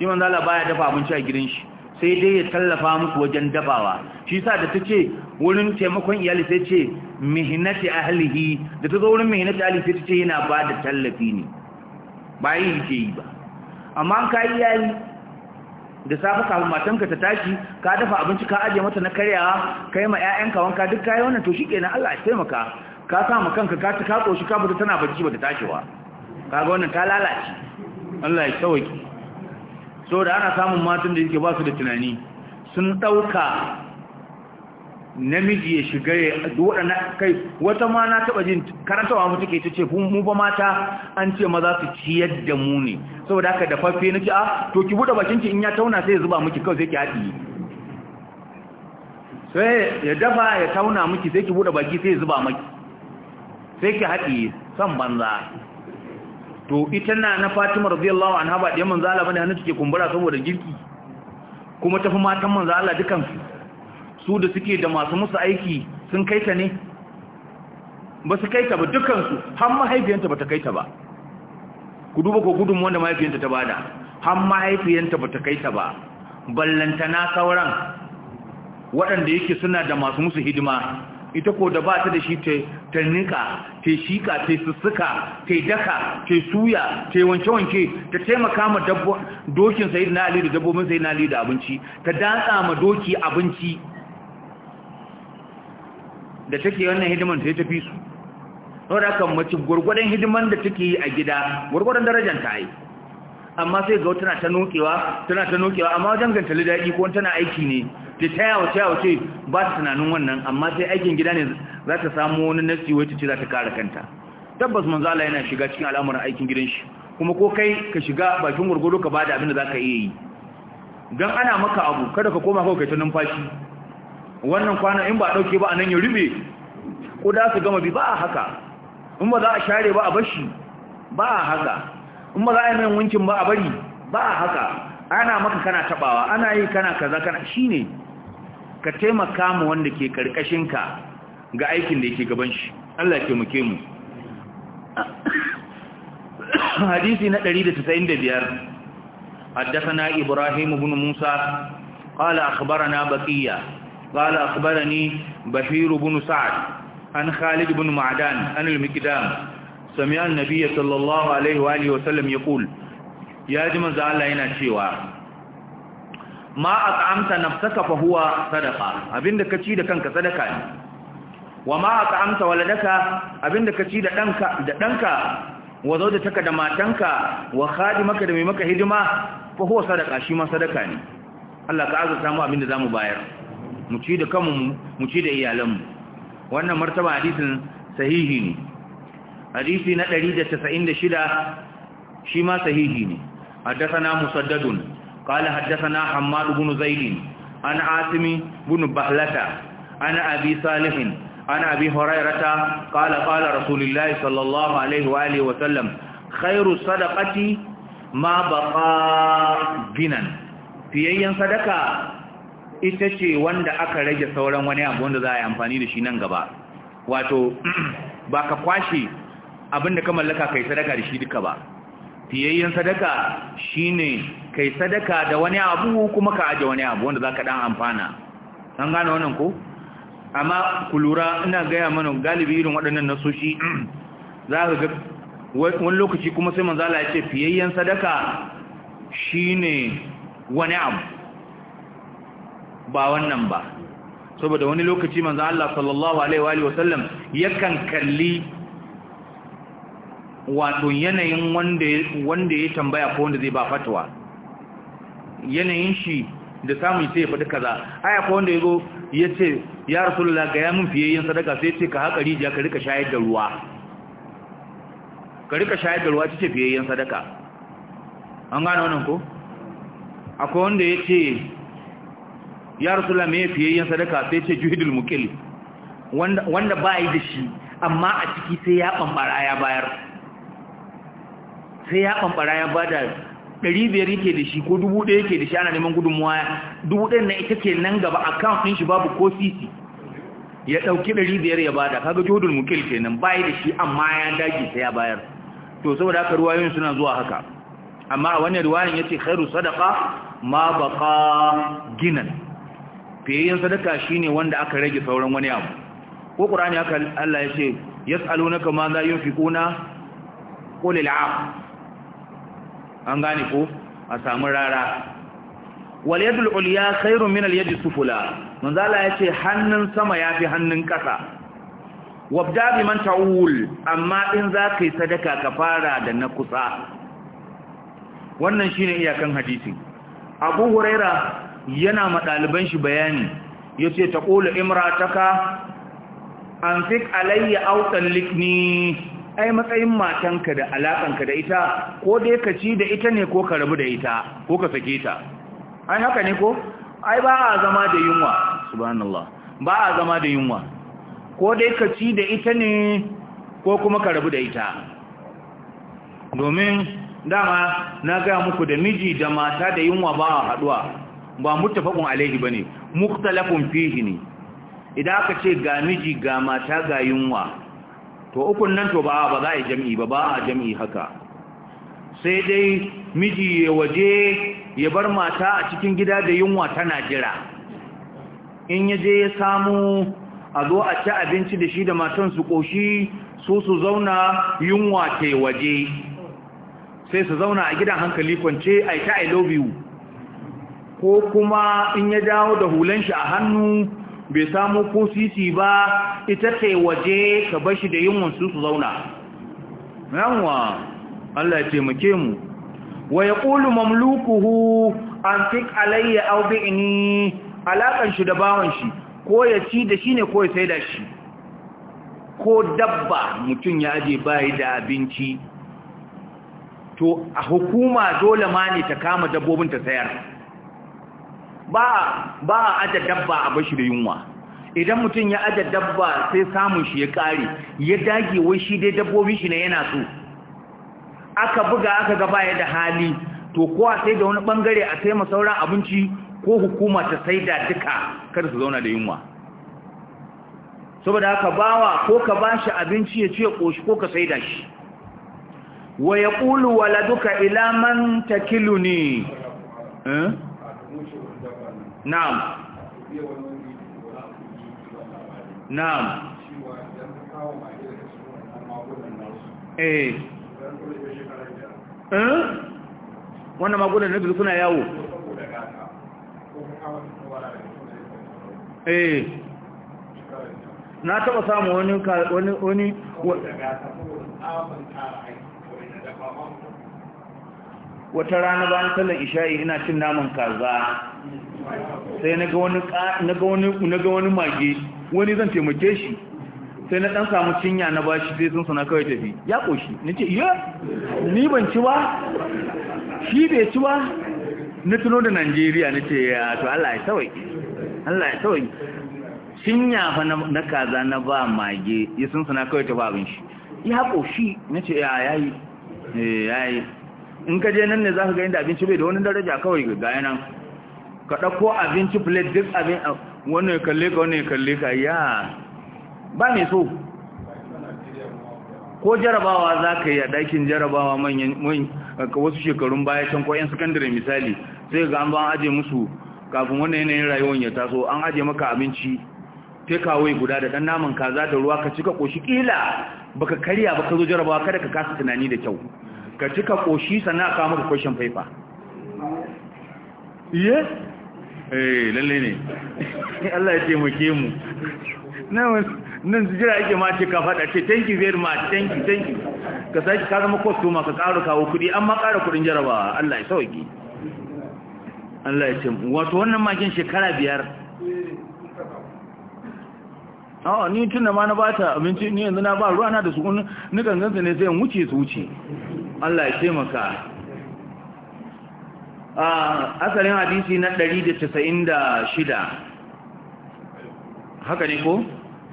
yi manzala baya dafa abinci a gidan shi sai dai ya tallafa musu wajen dafawa shi sa da ta ce wurin taimakon iyali sai ce mihinnati ahlihi da ta zo wurin ahlihi sai ta ce yana ba da tallafi ne ba yi yake yi ba amma ka yi yayi da safe kafin matanka ta tashi ka dafa abinci ka ajiye mata na karyawa kai ma ƴaƴanka wanka duk kayi wannan to shikenan Allah ya taimaka ka sa ma kanka ka ci ka koshi ka fita tana bacci bata tashi ba kaga wannan ta lalace Allah ya sauke saboda ana samun matan da yake ba su da tunani sun dauka namiji ya shiga ya waɗanda kai wata ma na taɓa jin karantawa mu take ce mu ba mata an ce maza su ciyar da mu ne saboda haka da faffe na ce a ah, to ki buɗe bakinki in ya tauna sai ya zuba miki kawai sai ki haɗi sai ya dafa ya tauna miki sai ki buɗe baki sai ya zuba miki sai ki haɗi san banza to ita na na Fatima radiyallahu anha ba da manzala bane hannu take kumbura saboda girki kuma tafi matan manzala Allah dukansu su da suke da masu musu aiki sun kai ta ne ba su kai ta ba dukansu har mahaifiyanta ba ta kai ta ba ku duba ko gudun wanda mahaifiyanta ta bada har mahaifiyanta ba ta kai ta ba ballantana sauran waɗanda yake suna da masu musu hidima ita ko da ba ta da shi ta nika ta shika ta sussuka ta daka ta suya ta wanke-wanke ta taimaka ma dokin sayid na ali da dabbobin sayi na ali da abinci ta datsa ma doki abinci da take wannan hidiman sai ta fi su saboda haka mace gurgurdan hidiman da take yi a gida gurgurdan darajar ta yi amma sai ga tana ta nokewa tana ta nokewa amma wajen gantali daɗi ko tana aiki ne ta taya wa taya wace ba ta tunanin wannan amma sai aikin gida ne za ta samu wani nasi wacce ce za ta kare kanta tabbas manzo Allah yana shiga cikin al'amuran aikin gidan shi kuma ko kai ka shiga bakin gurgurdo ka bada abin da zaka iya yi dan ana maka abu kada ka koma kawai kai ta numfashi wannan kwana in ba a ɗauke ba a nan ya rube da su gama bi ba a haka in ba za a share ba a bashi ba a haka in ba za a yi mai wankin ba a bari ba a haka ana maka kana taɓawa ana yi kana kaza kana shi ne ka taimaka mu wanda ke ka ga aikin da yake gaban shi Allah ya taimake mu hadisi na 195 حدثنا ibrahim ibn musa قال أخبرنا بقية قال أخبرني بشير بن سعد عن خالد بن معدان عن المكدام سمع النبي صلى الله عليه وآله وسلم يقول يا جماعة الله هنا شيوا ما أطعمت نفسك فهو صدقة أبين كتشي دكانك صدقة wa ma at'amta waladaka abinda ka ci da danka da danka wa zawjataka da matanka wa khadimaka da mai maka hidima fa huwa sadaka shi ma sadaka ne Allah ka azurta mu abinda zamu bayar mu ci da kanmu mu ci da iyalanmu wannan martaba hadisin sahihi ne hadisi na 196 shi ma sahihi ne haddathana musaddadun qala haddathana hammad ibn zaid an asimi ibn bahlata an abi salih an abi hurairata qala qala rasulullahi sallallahu alaihi wa alihi wa sallam khairu sadaqati ma baqa ginan fiyayyan sadaka ita ce wanda aka rage sauran wani abu wanda za a yi amfani da shi nan gaba wato ba ka kwashe abin da ka mallaka kai sadaka da shi duka ba fiyayyen sadaka shine kai sadaka da wani abu kuma ka aje wani abu wanda za ka dan amfana an gane wannan ko amma ku lura ina gaya mana galibi irin waɗannan nasoshi za ka ga wani lokaci kuma sai manzala ya ce fiyayyen sadaka shine wani abu ba wannan ba saboda wani lokaci manzo Allah sallallahu alaihi wa sallam yakan kalli wato yanayin wanda wanda ya tambaya ko wanda zai ba fatuwa yanayin shi da samun sai ya faɗi kaza aya ko wanda yazo yace ya rasulullah ga ya mun yin sadaka sai ce ka haƙa rijiya ka rika shayar da ruwa ka rika shayar da ruwa ce yin sadaka an gane wannan ko akwai wanda yace ya rasulullah me fiyayyen sadaka sai ce juhidul muqil wanda wanda yi da shi amma a ciki sai ya bambara ya bayar sai ya bambara ya bada 500 yake da shi ko 1000 yake da shi ana neman gudunmuwa 1000 na ita ke nan gaba account din shi babu ko sisi ya dauki 500 ya bada kaga juhudul muqil kenan yi da shi amma ya dage sai ya bayar to saboda haka ruwayoyin suna zuwa haka amma a wannan ruwayan yace khairu sadaqa ma baqa ginan fiyayyen sadaka shi ne wanda aka rage sauran wani abu ko ƙur'ani aka Allah ya ce ya tsalo na kama za fi ƙuna qul al'af an gane ko a samu rara wal yadul khairun min al yadi sufula manzo Allah ya ce hannun sama yafi hannun kasa wabda bi man ta'ul amma in za yi sadaka ka fara da na kusa wannan shine iyakan hadisi abu huraira yana ma ɗaliban shi bayani ya ce ta ƙola imrataka an fi alayya autan likni ai matsayin matanka da alaƙanka da ita ko dai ka ci da ita ne ko ka rabu da ita ko ka sake ta ai haka ne ko ai ba a zama da yunwa subhanallah ba a zama da yunwa ko dai ka ci da ita ne ko kuma ka rabu da ita domin dama na gaya muku da miji da mata da yunwa ba a haɗuwa ba muttafaqun alaihi bane mukhtalafun fihi ne idan aka ce ga miji ga mata ga yunwa to ukun nan to ba ba za a jam'i ba ba a jam'i haka sai dai miji ya waje ya bar mata a cikin gida da yunwa tana jira in ya je ya samu a zo a ci abinci da shi da matan su koshi su su zauna yunwa ke waje sai su zauna a gidan hankali kwance a ta i love you ko kuma in ya dawo da hulan shi a hannu bai samu ko sisi ba ita ce waje ka bashi da yin wansu su zauna yawwa Allah ya taimake mu wa yaqulu mamlukuhu tik alayya aw bi'ni alakan shi da bawan shi ko ya ci da shi ne ko ya sai da shi ko dabba mutum ya aje bai da abinci to a hukuma dole ma ne ta kama dabbobin ta sayar ba ba aje dabba a bashi da yunwa idan mutum ya aje dabba sai samun shi ya kare ya dage wai shi dai dabbobi shi ne yana so aka buga aka gaba ya da hali to kowa sai da wani bangare a sai sauran abinci ko hukuma ta sai da duka kada su zauna da yunwa saboda haka bawa ko ka bashi abinci ya ce koshi ko ka sai da shi wa yaqulu waladuka ila man takiluni eh na'am na'am eh Eh? wannan magudan na biyu suna yawo eh na taba samu wani wani wani wata rana bayan sallar isha'i ina cin naman kaza sai na ga wani mage wani zan taimake shi sai na dan samu cinya na bashi sai sun suna kawai tafi ya koshi na ce iya ni ban ci ba shi bai ci ba na tuno da najeriya na ce ya to allah ya tawai allah ya tawai cinya fa na kaza na ba mage ya sun suna kawai tafi abin shi ya koshi na ce ya yayi ya yi eh, in ka je nan ne za ka ga inda abinci bai da wani daraja kawai ga gaya nan ka ɗauko abinci plate duk abin wani kalle ka wani kalle ka ya ba mai so ko jarabawa za ka yi a ɗakin jarabawa manyan wasu shekarun baya can ko 'yan sakandare misali sai ga an ba an aje musu kafin wannan yanayin rayuwar ya taso an aje maka abinci wai guda da ɗan naman kaza da ruwa ka cika ƙoshi ƙila baka karya baka zo jarabawa kada ka kasa tunani da kyau ka ci ka ƙoshi sannan a kama maka kwashin faifa iye? eh lalle ne Allah ya taimake mu nan su jira ake mace ka faɗa ce thank you very much thank you thank you ka sake ka zama kwastoma ka ƙara kawo kuɗi an ma ƙara kuɗin jarabawa Allah ya sauki Allah ya taimake wato wannan makin shekara biyar a'a ni tun da ma na bata abinci ni yanzu na ba ruwa na da su ni gangan ne sai wuce su wuce Allah ya taimaka asalin hadisi na 196 haka ne ko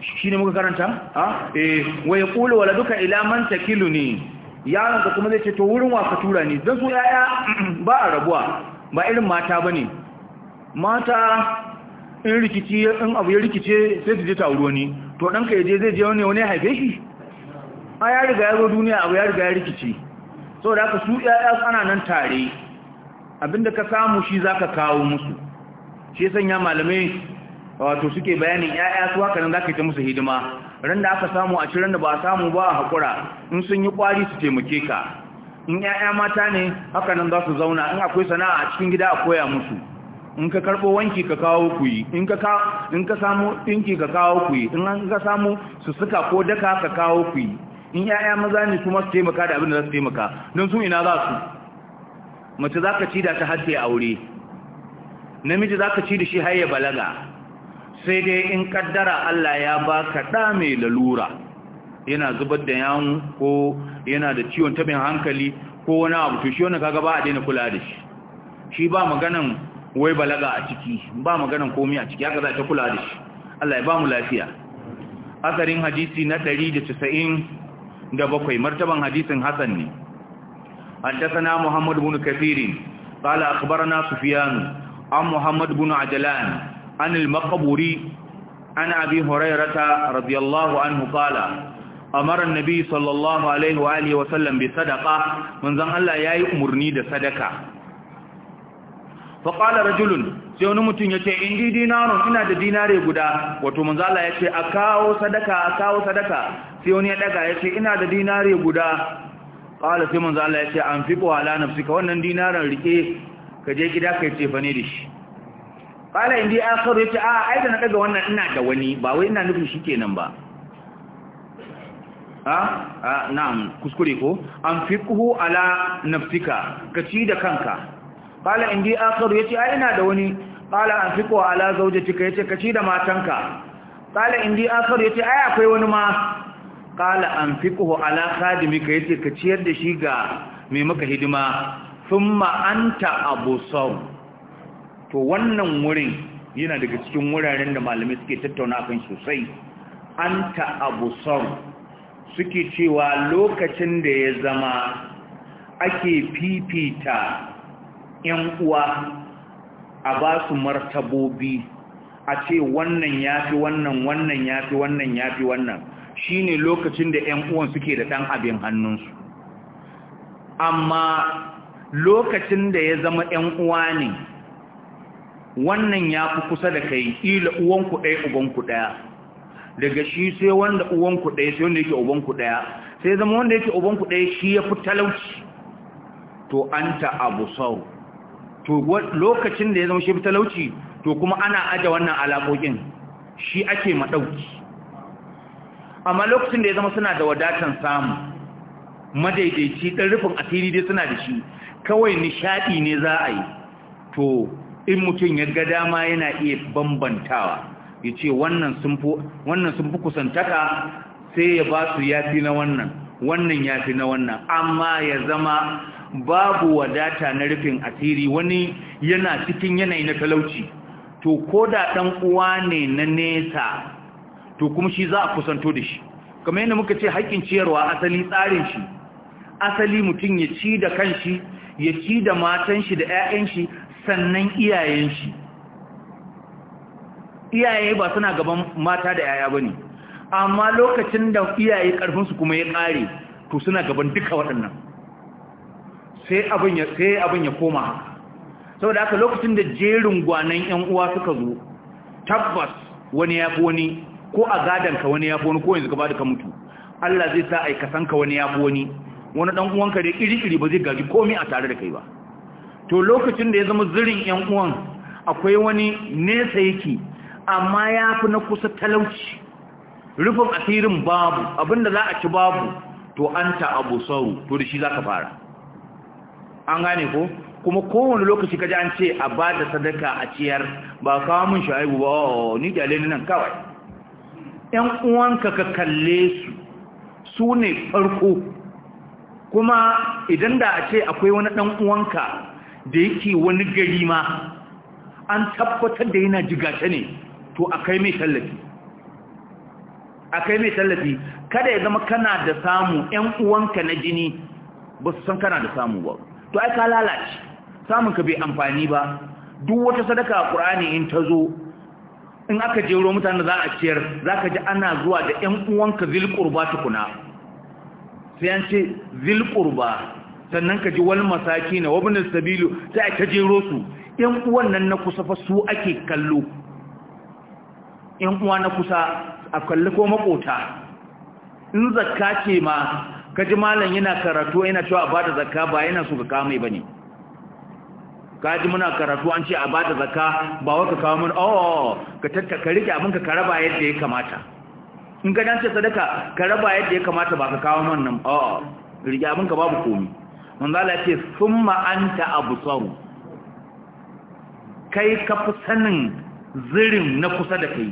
shi ne muka karanta a eh wai kulu wala duka ila man takiluni yaron ka kuma zai ce to wurin wa ka tura ne don su yaya ba a rabuwa ba irin mata bane mata in rikici in abu ya rikice sai su je wuro ne to dan ka je zai je wani wani haife shi a ya riga ya zo duniya abu ya riga ya rikici so da aka su ƴaƴa ana nan tare abinda ka samu shi zaka kawo musu shi ya sanya malamai wato suke bayanin yaya su haka nan zaka yi ta musu hidima ran da aka samu a cikin da ba a samu ba a haƙura in sun yi ƙwari su taimake ka in ƴaƴa mata ne haka nan za su zauna in akwai sana'a a cikin gida a koya musu in ka karɓo wanki ka kawo ku yi in ka samu ɗinki ka kawo ku yi in ka samu su suka ko daka ka kawo ku yi in yaya maza ne su taimaka da abin da za su taimaka don sun ina za su mace za ka ci da ta har ya aure namiji za ka ci da shi har ya balaga sai dai in kaddara Allah ya ba ka ɗa mai lalura yana zubar da yawon ko yana da ciwon tabin hankali ko wani abu to shi wani kaga ba a daina kula da shi shi ba maganan wai balaga a ciki ba maganan komai a ciki haka za ta kula da shi Allah ya ba mu lafiya asarin hadisi na 190 da bakwai martaban hadisin hasan ne haddasana muhammad ibn kathir qala akhbarana sufyan an muhammad ibn ajlan an al-maqburi an abi hurairata radiyallahu anhu qala amara annabi sallallahu alaihi wa alihi wa sallam bi sadaqa manzon Allah yayi umurni da sadaka faƙala rajulun sai wani mutum ya ce in dinarun ina da dinare guda wato manzala ya ce a kawo sadaka a kawo sadaka sai wani ya daga ya ce ina da dinari guda ƙwada sai manzo Allah ya ce an fi fiƙo ala nafsika wannan dinarin rike ka je gida ka ce fa ne da shi ƙwada indi akharu ya ce a aida da na daga wannan ina da wani ba wai ina nufin shi kenan ba a na kuskure ko an fiqhu ala nafsika ka ci da kanka biya indi ya ce a ina da wani qala an fi fiqhu ala zawjatika yace ka ci da matanka qala indi ya ce ai akwai wani ma qala anfiquhu ala ka yace ka ciyar da shi ga mai maka hidima thumma anta abusar to wannan wurin yana daga cikin wuraren da malamai suke tattauna kan sosai anta abusar suke cewa lokacin da ya zama ake fifita yan uwa a ba su martabobi a ce wannan ya fi wannan wannan ya fi wannan ya fi wannan shine lokacin da ƴan uwan suke da ɗan abin hannunsu amma lokacin da ya zama ƴan uwa ne wannan ya fi kusa da kai ila uwanku ɗaya ubanku ɗaya daga shi sai wanda uwanku ɗaya sai wanda yake ubanku ɗaya sai zama wanda yake ubanku ɗaya shi ya fi talauci to an ta abu sau to lokacin da ya zama shi fi talauci to kuma ana aje wannan alaƙoƙin shi ake maɗauki amma lokacin da ya zama suna da wadatan samu madaidaici ɗan rufin asiri dai suna da shi kawai nishaɗi ne za a yi to in mutum ya ga dama yana iya bambantawa ya ce wannan sun fi kusantaka sai ya ba su yafi na wannan wannan yafi na wannan amma ya zama babu wadata na rufin asiri wani yana cikin yanayi na talauci to ko da ɗan uwa ne na nesa to kuma shi za a kusanto da shi kamar yadda muka ce haƙƙin ciyarwa asali tsarin shi asali mutum ya ci da kanshi ya ci da matan shi da 'ya'yan shi sannan iyayen shi iyaye ba suna gaban mata da 'ya'ya ba ne amma lokacin da iyaye ƙarfinsu kuma ya ƙare to suna gaban duka waɗannan sai abin ya koma haka saboda haka lokacin da jerin gwanan 'yan uwa suka zo tabbas wani ya fi wani ko a gadan ka wani ya wani ko yanzu ka bada ka mutu Allah zai sa ai ka wani ya wani wani dan uwan ka da iri-iri ba zai gaji komai a tare da kai ba to lokacin da ya zama zirin yan uwan akwai wani nesa yake amma ya fi na kusa talauci rufin asirin babu abinda za a ci babu to an ta abu sau to da shi za ka fara an gane ko kuma kowane lokaci kaji an ce a ba da sadaka a ciyar ba kawo mun aibu ba oh, ni da nan kawai ‘yan uwanka ka kalle su su ne farko kuma idan da a ce akwai wani ɗan uwanka da yake wani gari ma an tabbatar da yana jigata ne to a kai mai tallafi A kai mai tallafi kada ya zama kana da samu ‘yan uwanka na jini ba su san kana da samu ba to ai ka lalace samunka bai amfani ba duk wata sadaka a ƙur'ani in ta zo in aka jero mutane za a ciyar za ka ji ana zuwa da ‘yan uwanka zilƙurba tukuna sai an ce zilƙurba sannan ka ji wal masaki na wabinin sabilu sai aka jero su ‘yan uwan nan na kusa fa su ake kallo ‘yan uwa na kusa a kalli ko maƙota in zakka ce ma ka ji malam yana karatu yana cewa ba da zakka ba yana so ka kamai ba ne kaji muna karatu an ce a bada zaka ba wa ka kawo mun oh ka rike abin ka karaba yadda ya kamata in ka dace sadaka ka raba yadda ya kamata ba ka kawo mun nan oh rike abin ka babu komi manzo Allah ce summa anta tsaro. kai ka fi sanin zirin na kusa da kai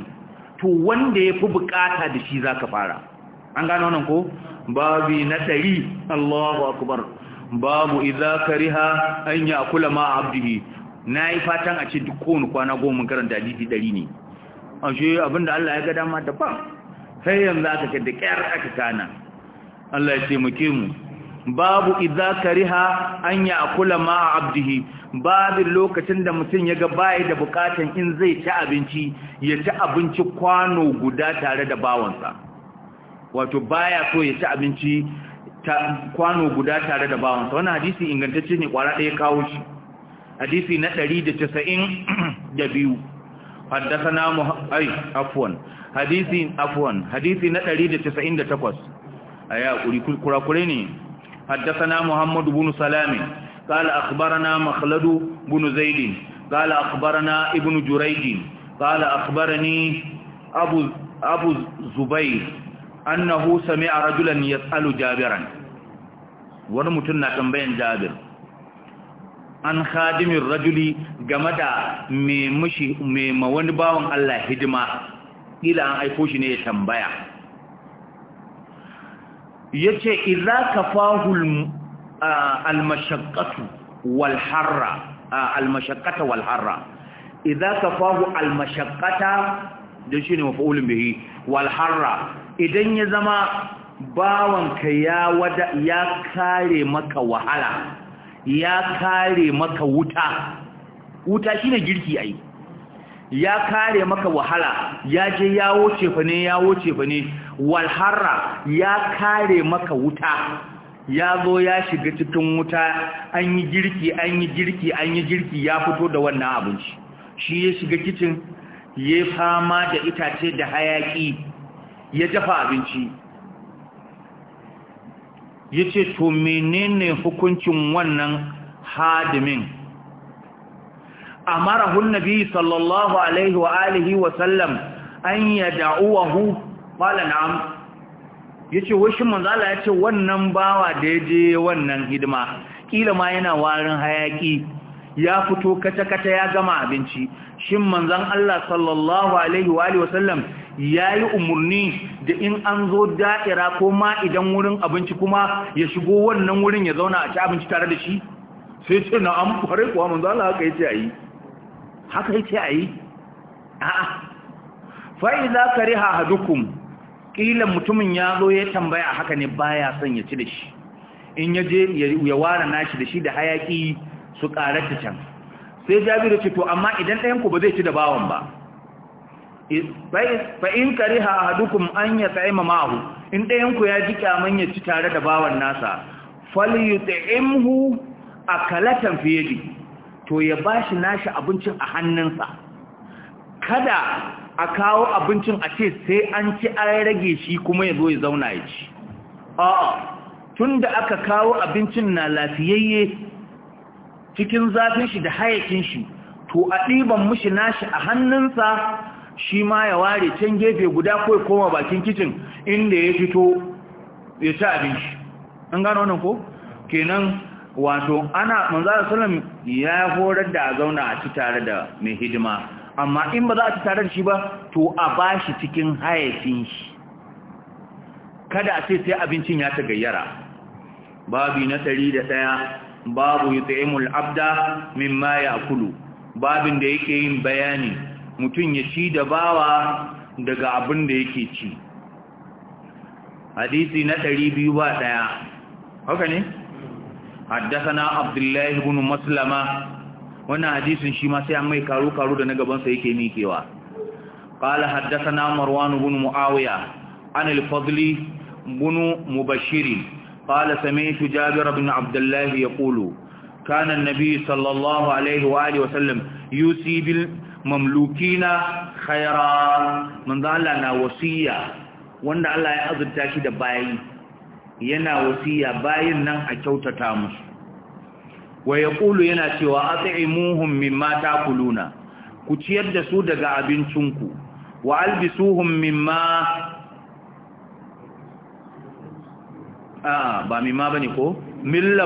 to wanda ya fi bukata da shi zaka fara an gano nan ko babi na ɗari Allahu akbar babu idza kariha an ya'kula ma abdihi nayi fatan a ce duk kowane kwana goma karanta hadisi dari ne ashe abinda Allah ya ga dama ba sai yanzu aka ce da kyar aka kana Allah ya taimake mu babu idza kariha an ya'kula ma abdihi babu lokacin da mutum ya ga bai da bukatan in zai ci abinci ya ci abinci kwano guda tare da bawansa wato baya so ya ci abinci kwano guda tare da bawansa wani hadisi ingantacce ne kwara ɗaya kawo shi hadisi na ɗari da casa'in da biyu haddasa na mu ai afuwan hadisi afuwan hadisi na ɗari da casa'in da takwas a ya kurakure ne haddasa na muhammadu bunu salami kala akhbara na makhladu bunu zaidin kala akhbara na ibnu juraidin kala akhbara ni abu, abu annahu sami a rajulan ya jabiran wani mutum na tambayin jabir an khadimin rajuli game da mai ma wani bawan Allah hidima ila an aiko shi ne ya tambaya ya ce iza ka fahul almashakatu walharra almashakata walharra iza ka fahu almashakata don shi ne bihi walharra idan ya zama bawanka ya wada ya kare maka wahala ya kare maka wuta wuta shine girki ai ya kare maka wahala ya je ya wuce fa ne wuce fa ne walharra ya kare maka wuta ya zo ya shiga cikin wuta an yi girki an yi girki an yi girki ya fito da wannan abinci shi ya shiga kicin ya fama da itace da hayaki ya dafa abinci ya ce to menene hukuncin wannan hadimin amarahun nabi sallallahu alaihi wa alihi wa sallam an ya da'uwahu bala na'am ya ce wasu manzala ya ce wannan bawa da ya je wannan hidima kila ma yana warin hayaki ya fito kata-kata ya gama abinci shin manzan Allah sallallahu alaihi wa alihi wa sallam ya yi umarni da in an zo da'ira ko ma idan wurin abinci kuma ya shigo wannan wurin ya zauna a ci abinci tare da shi sai ce na an kware kuwa mun zala haka ce a yi haka ce a yi a'a fa'iza kariha hadukum Ƙilan mutumin ya zo ya tambaya haka ne baya son ya ci da shi in ya je ya ware nashi da shi da hayaki su ta can sai jabi ya ce to amma idan ɗayan ku ba zai ci da bawan ba fa in kariha ahadukum an yat'ima ma'ahu in ɗayanku ku ya ji kyaman ya ci tare da bawan nasa falyut'imhu akalatan fi yadi to ya bashi nashi abincin a hannunsa kada a kawo abincin a ce sai an ci an rage shi kuma ya zo ya zauna ya ci a'a tunda aka kawo abincin na lafiyayye cikin zafin shi da hayakin shi to a ɗiban mushi nashi a hannunsa shi ma ya ware can gefe guda ko ya koma bakin kicin inda ya fito ya ci abinci an gano wannan ko kenan wato ana manzara salam ya horar da a zauna a ci tare da mai hidima amma in ba za a ci tare da shi ba to a ba shi cikin hayafin shi kada a ce sai abincin ya ta gayyara Babu na ɗari da ɗaya babu yi abda mimma ya kulu babin da yake yin bayani mutum ya shi da bawa daga abin da yake ci hadisi na ɗari biyu ba ɗaya haka ne haddasana abdullahi bin maslama wannan hadisin shi ma sai an mai karu-karu da na gabansa yake mikewa ƙala haddasana marwanu bin mu'awiya an Fadli, bin mubashiri ƙala same shi jabir bin abdullahi ya ƙulu kanan nabi sallallahu alaihi wa alihi wasallam yusi bil mamlukina khaira manzo Allah na wasiya wanda Allah ya azurta shi da bayi yana wasiya bayin nan a kyautata musu wa Kulu yana cewa at'imuhum mimma taquluna ku ciyar da su daga abincinku wa albisuhum mimma a ba mimma bane ko min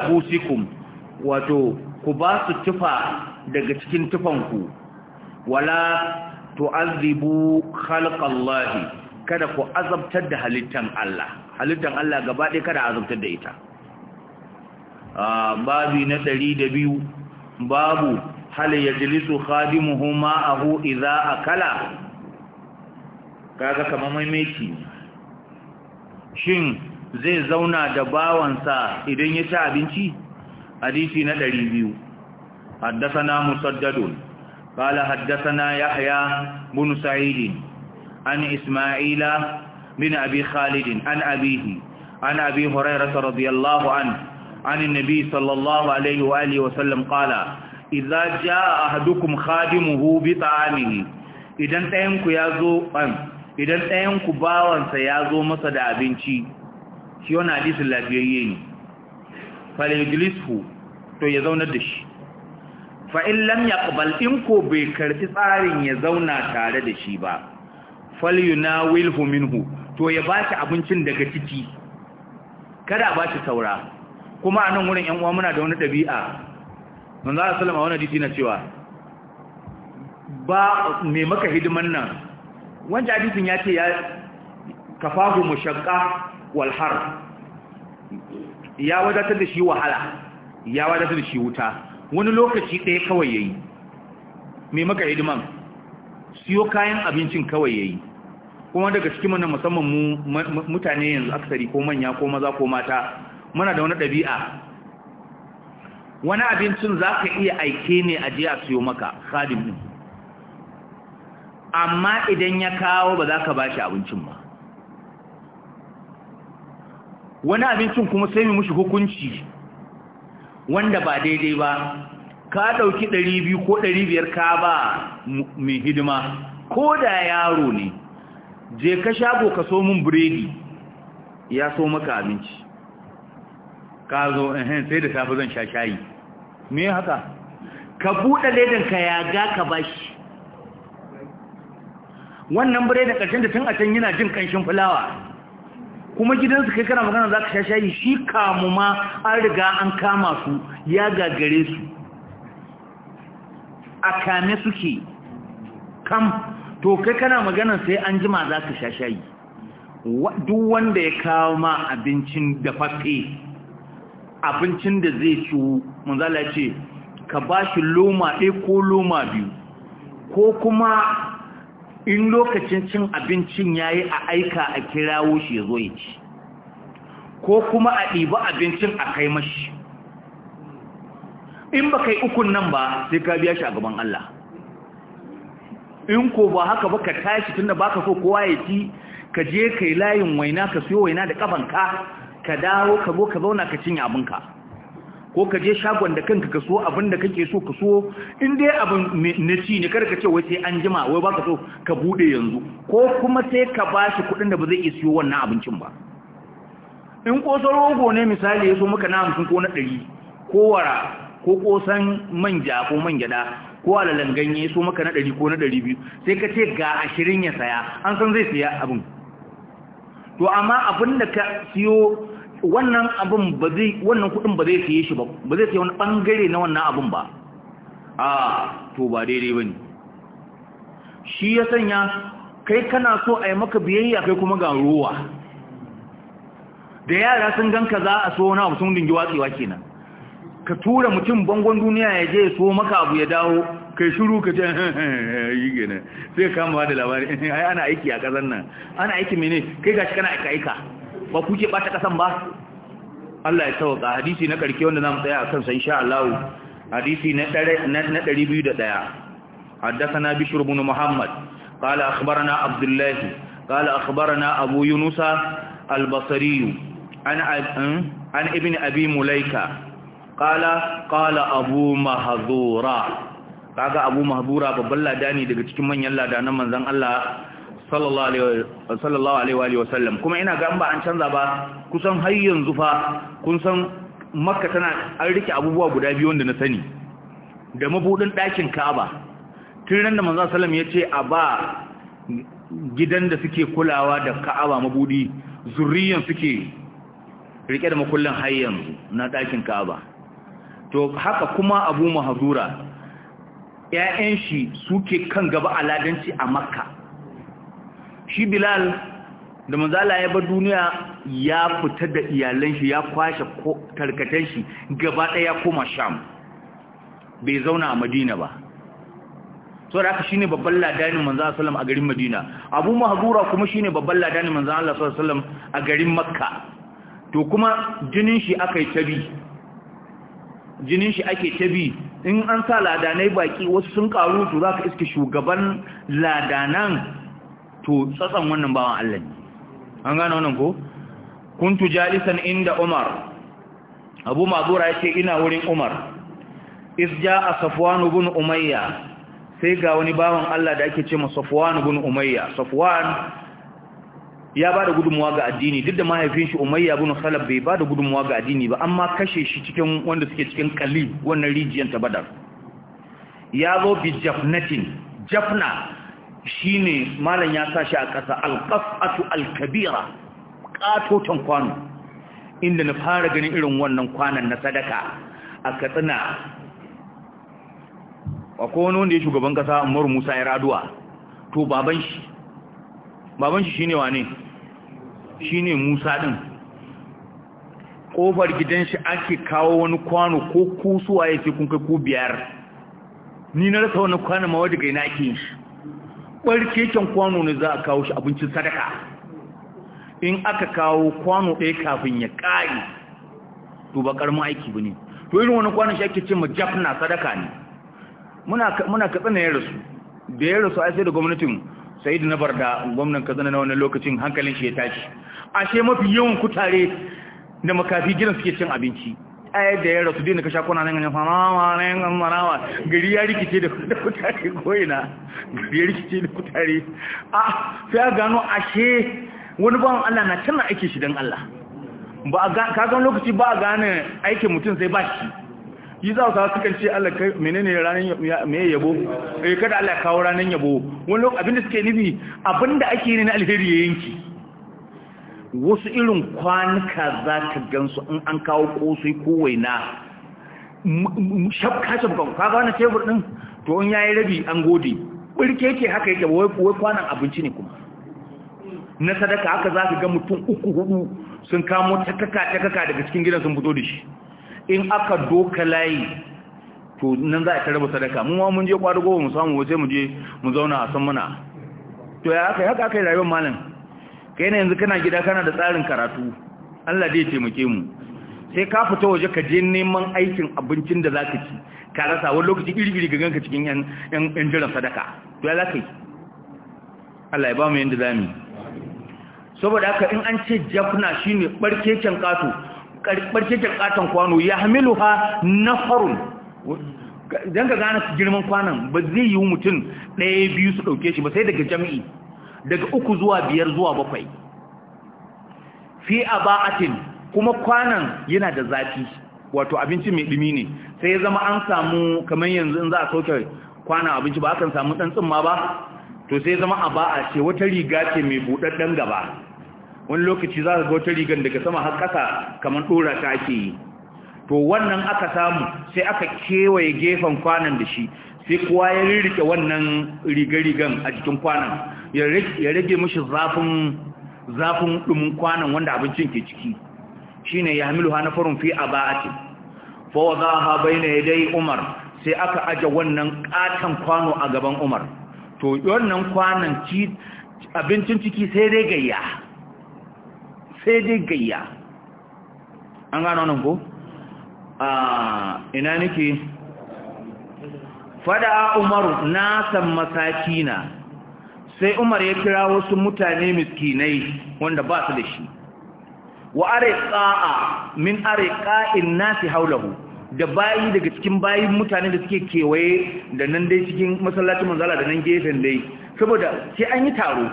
wato ku ba su tufa daga cikin tufanku wala tu'azzibu khalqallahi kada ku azabtar da halittan Allah halittan Allah gaba ɗaya kada azabtar da ita babu na ɗari da biyu babu hal yajlisu khadimuhu ahu idza akala kaga kamar maimaiti. shin zai zauna da bawansa idan ya ci abinci hadisi na 200 na musaddadun قال حدثنا يحيى بن سعيد عن إسماعيل بن أبي خالد عن أبيه عن أبي هريرة رضي الله عنه عن النبي صلى الله عليه وآله وسلم قال إذا جاء أحدكم خادمه بطعامه إذا تأمك يازو إذا تأمك باوان سيازو مصد أبنشي شيون حديث الله بيين فليجلسه تو يزون الدشي fa'in lam yaqbal in ko bai karbi tsarin ya zauna tare da shi ba falyunawilhu minhu to ya bashi abincin daga ciki kada ba shi saura kuma a nan wurin ƴan uwa muna da wani dabi'a manzo Allah sallama wannan hadisi na cewa ba me maka hidiman nan wanda hadisin ya ce ya kafahu mushaqqa wal har ya wadatar da shi wahala ya wadatar da shi wuta wani lokaci ɗaya kawai ya yi mai maka hidiman siyo kayan abincin kawai ya yi kuma daga cikin mana musamman mu mutane yanzu aksari ko manya ko maza ko mata mana da wani ɗabi'a wani abincin za ka iya aike ne a je a siyo maka khadim ɗin amma idan ya kawo ba za ka ba shi abincin ba wani abincin kuma sai mu mushi hukunci wanda ba daidai ba ka ɗauki ɗari biyu ko ɗari ka ba mai hidima ko da yaro ne je ka shago ka so min biredi ya so maka abinci ka zo ehen sai da safe zan sha shayi me haka ka buɗe ledan ka yaga ka bashi wannan biredin ƙarshen da tun a can yana jin ƙanshin fulawa kuma gidansu kai kana magana za ka sha shayi shi kamu ma an riga an kama su ya gagare su a kame suke kam to kai kana magana sai an jima za ka sha shayi duk wanda ya kawo ma abincin dafaffe abincin da zai ciwu manzala ce ka ba shi loma ɗaya ko loma biyu ko kuma in lokacin cin abincin ya yi a aika a kirawo shi ya zo ya ci ko kuma a ɗiba abincin a kai mashi in ba kai ukun nan ba sai ka biya shi a gaban Allah in ko ba haka ba ka tashi tunda baka so kowa ya ci ka je kai layin waina ka siyo waina da kafanka ka dawo ka zo ka zauna ka cinye abinka ko ka je shagon da kanka ka so abin da kake so ka so in dai abin na ci ne kada ka ce wai sai an jima wai ka so ka bude yanzu ko kuma sai ka bashi kuɗin da ba zai iya siyo wannan abincin ba in kosan rogo ne misali ya so maka na hamsin ko na ɗari ko wara ko kosan manja ko man gyaɗa ko alalan ganye so maka na ɗari ko na ɗari biyu sai ka ce ga ashirin ya saya an san zai siya abin to amma abin da ka siyo wannan abin ba zai wannan kudin ba zai siye shi ba ba zai siye wani bangare na wannan abin ba a to ba daidai ba ne shi ya sanya kai kana so a yi maka biyayya kai kuma ga ruwa da yara sun ganka za a so wani abu sun dingi watsewa kenan ka tura mutum bangon duniya ya je so maka abu ya dawo kai shiru ka ce yi gina sai kama da labari ai ana aiki a ƙasar nan ana aiki mene kai gashi kana aika aika ba ku ke bata kasan ba Allah ya sauka hadisi na karke wanda zamu tsaya akan sa insha Allah hadisi na biyu da 201 haddathana bishr ibn muhammad qala akhbarana abdullah qala akhbarana abu yunus al-basri hmm? an ibn abi mulaika qala qala abu mahdura kaga abu mahdura babban ladani daga cikin manyan ladanan manzon Allah sallallahu alaihi wa sallam kuma ina ga ba an canza ba kusan har yanzu fa kun san makka tana an rike abubuwa guda biyu wanda na sani da mabudin ɗakin ka'aba tun da manzo sallam ya ce a ba gidan da suke kulawa da ka'aba mabudi zurriyan suke rike da makullin har yanzu na ɗakin ka'aba to haka kuma abu mahazura 'ya'yan shi suke kan gaba aladanci a makka shi bilal da manzala ya ba duniya ya fita da iyalan shi ya kwashe tarkatan shi gaba ɗaya ya koma sham bai zauna a madina ba so da haka shine babban ladanin manzan asalam a garin madina abu mahazura kuma shine babban ladanin manzan allah a garin makka to kuma jinin shi aka yi tabi jinin shi ake tabi in an sa ladanai baki wasu sun karu to za ka iske shugaban ladanan to sasan wannan bawan Allah ne an gane wannan ko kuntu jalisan inda Umar Abu ya yace ina wurin Umar iz jaa Safwan ibn Umayya sai ga wani bawan Allah da ake ce ma Safwan ibn Umayya Safwan ya ba da gudunmuwa ga addini duk da mahaifin shi umayya bin Khalaf bai ba da gudunmuwa ga addini ba amma kashe shi cikin wanda suke cikin kalli wannan rijiyar ta badar ya zo bi jafnatin jafna shine malam ya sashi a ƙasa alqafatu alkabira ƙatoton kwano inda na fara ganin irin wannan kwanan na sadaka a katsina akwai wani wanda ya shugaban ƙasa Umaru Musa ya raduwa to baban shi baban shi shine wane shine Musa ɗin? Ƙofar gidan shi ake kawo wani kwano ko kusuwa ya ce kun kai biyar ni na rasa wani kwano ma wadda ga na ake shi ɓarkeken kwano ne za a kawo shi abincin sadaka in aka kawo kwano ɗaya kafin ya ƙari to ba ƙarmin aiki ba ne to irin wani kwanon shi ake ce ma jafna sadaka ne muna katsa na ya rasu da ya rasu a sai da gwamnatin sa'idu na barda gwamnan katsina na wani lokacin hankalin shi ya tashi ashe mafi yawan kutare da makafi gidan suke cin abinci ayar da ya rasu dina ka sha kuna nan ganin fama na yin marawa gari ya rikice da kutare goyina gari ya rikice da kutare a sai gano ashe wani bawan Allah na cana na aiki shi don Allah ba a ga kagan lokaci ba a gane aiki mutum sai ba shi yi za su sukan ce Allah kai menene ranar mai yabo eh, kada Allah kawo ranar yabo wani lokacin abinda suke nufi abinda ake yi ne na alheri ya yanki wasu irin kwanuka za ka gansu in an kawo kosai kowai na shafka-shafka ka gane tebur din? to in ya yi rabi an gode ɓirke ke haka yake wai kwanan abinci ne kuma na sadaka haka za ka ga mutum uku hudu sun kamo takaka-takaka daga cikin gidan sun fito da shi in aka doka layi to nan za a ta raba sadaka mun wa mun je kwadugo mu samu waje mu je mu zauna a san mana to ya haka aka yi rayuwar malam kai ne yanzu kana gida kana da tsarin karatu Allah dai taimake mu sai ka fita waje ka je neman aikin abincin da zaka ci ka rasa wani lokaci iri-iri ga ganka cikin yan yan jiran sadaka to ya zaka yi Allah ya ba mu yanda zamu saboda haka in an ce jafna shine barkeken kato katon kwano ya hamiluha nafarun dan ka gane girman kwanan ba zai yi mutum ɗaya biyu su ɗauke shi ba sai daga jami'i daga uku zuwa biyar zuwa bakwai fi aba'atin kuma kwanan yana da zafi wato abinci mai ɗumi ne sai ya zama an samu kamar yanzu in za a sauke kwanan abinci ba akan samu dan tsimma ba to sai zama aba'a ce wata riga ce mai buɗaɗɗen gaba wani lokaci za ka ga wata rigar daga sama har kasa kamar dora ta ake yi to wannan aka samu sai aka kewaye gefen kwanan da shi sai kowa ya rirrike wannan riga-rigan a jikin kwanan ya rage mashi zafin zafin dumin kwanan wanda abincin ke ciki shine ya hamilu hana farun fi za fa bai bayna dai umar sai aka aje wannan katan kwano a gaban umar to wannan kwanan ci abincin ciki sai dai gayya sai dai gayya an gano nan ko a ina nake fada umaru na san masakina sai umar ya kira wasu mutane miskinai wanda ba su da shi wa ariqa'a min ariqa'in nasi haulahu da bayi daga cikin bayin mutane da suke kewaye da nan dai cikin masallacin manzala da nan gefen dai saboda sai an yi taro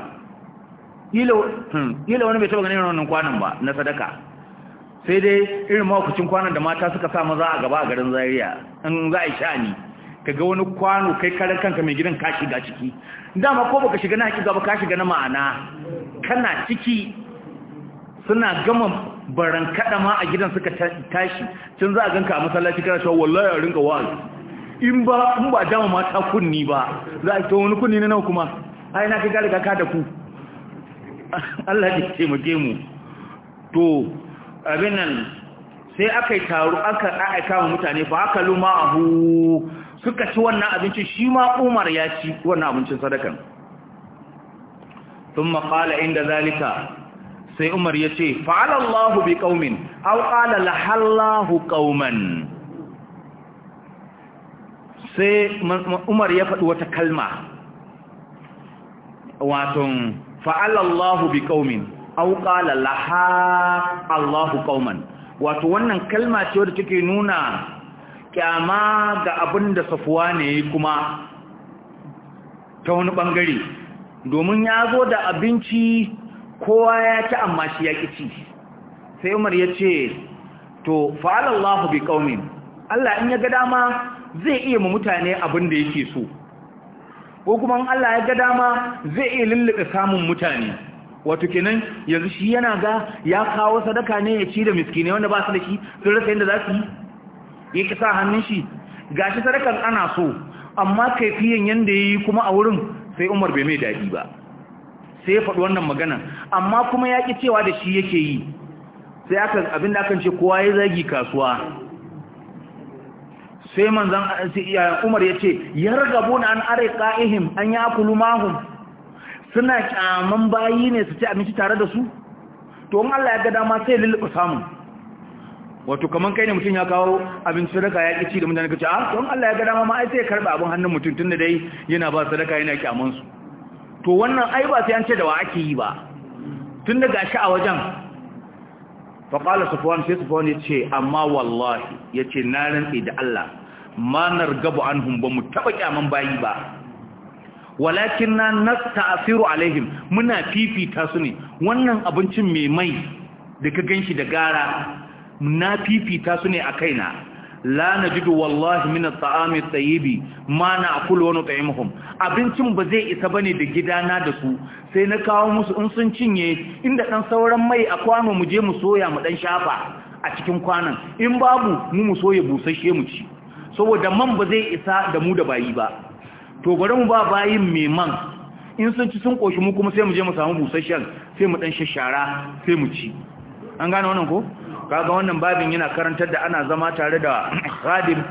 ila hmm, wani bai taba ganin wannan kwanan ba na sadaka sai dai irin mawakucin kwanan da mata suka sa maza a gaba a garin zaria in za a yi sha'ani Ka ga wani kwano kai karan kanka mai gidan ka shiga ciki dama ko baka shiga na hakika ba ka shiga na ma'ana kana ciki suna gama baran kada ma a gidan suka tashi tun za a ganka a masallaci kana cewa wallahi a rinka wa'azi in ba in ba dama ma ta kunni ba za a ta wani kunni na nawa kuma ai na ka gari ka da ku Allah ya taimake mu to abin nan sai aka yi taro aka aika wa mutane fa aka lumahu suka ci wannan abincin shi ma umar ya ci wannan abincin sadakan sun maƙala inda zalika sai umar ya ce fa'alallahu bi ƙaumin au ƙala lahallahu ƙauman sai umar ya faɗi wata kalma waton fa'alallahu bi ƙaumin au ƙala laha Allahu ƙauman wato wannan kalma ce wadda take nuna kyama ga abin da safuwa ne kuma ta wani ɓangare domin ya zo da abinci kowa ya ci amma shi ya ƙici sai umar ya ce to fa'alallahu bi ƙaunin Allah in ya ga dama zai iya ma mutane abin da yake so ko kuma Allah ya ga dama zai iya lullube samun mutane wato kenan yanzu shi yana ga ya kawo sadaka ne ya ci da miskini wanda ba su da shi sun rasa yadda za su yi ya sa hannun shi ga shi sadakan ana so amma kaifiyan yanda yi kuma a wurin sai Umar bai mai daɗi ba sai ya faɗi wannan magana amma kuma ya ki cewa da shi yake yi sai aka abinda akan ce kowa ya zagi kasuwa sai manzan Umar ya ce ya ragabu na an are ƙa'ihim an ya kulu mahum suna ƙyaman bayi ne su ci abinci tare da su to in Allah ya ga dama sai lulluɓa samun wato kaman kai ne mutum ya kawo abin sadaka ya kici da mutane kace ah don Allah ya ga dama ma ai sai ya karba abin hannun mutum tunda dai yana ba sadaka yana kyaman su to wannan ai ba sai an ce da wa ake yi ba tun gashi a wajen qala sufwan sai sufwan ya ce amma wallahi ya ce na rantsi da Allah manar gabu an ba mu taɓa kyaman bayi ba walakin na nasta alaihim muna fifita su ne wannan abincin mai mai da ka ganshi da gara na fifita su ne a kaina la na jidu wallahi min taami at-tayyibi ma akulu wa nut'imuhum abincin ba zai isa bane da gidana da su sai na kawo musu in sun cinye inda dan sauran mai a kwano mu je mu soya mu dan shafa a cikin kwanan in babu mu mu soya busasshe mu ci saboda man ba zai isa da mu da bayi ba to bari mu ba bayin mai man in sun ci sun koshi mu kuma sai mu je mu samu busasshen sai mu dan shashara sai mu ci an gane wannan ko kaga wannan babin yana karantar da ana zama tare da khadim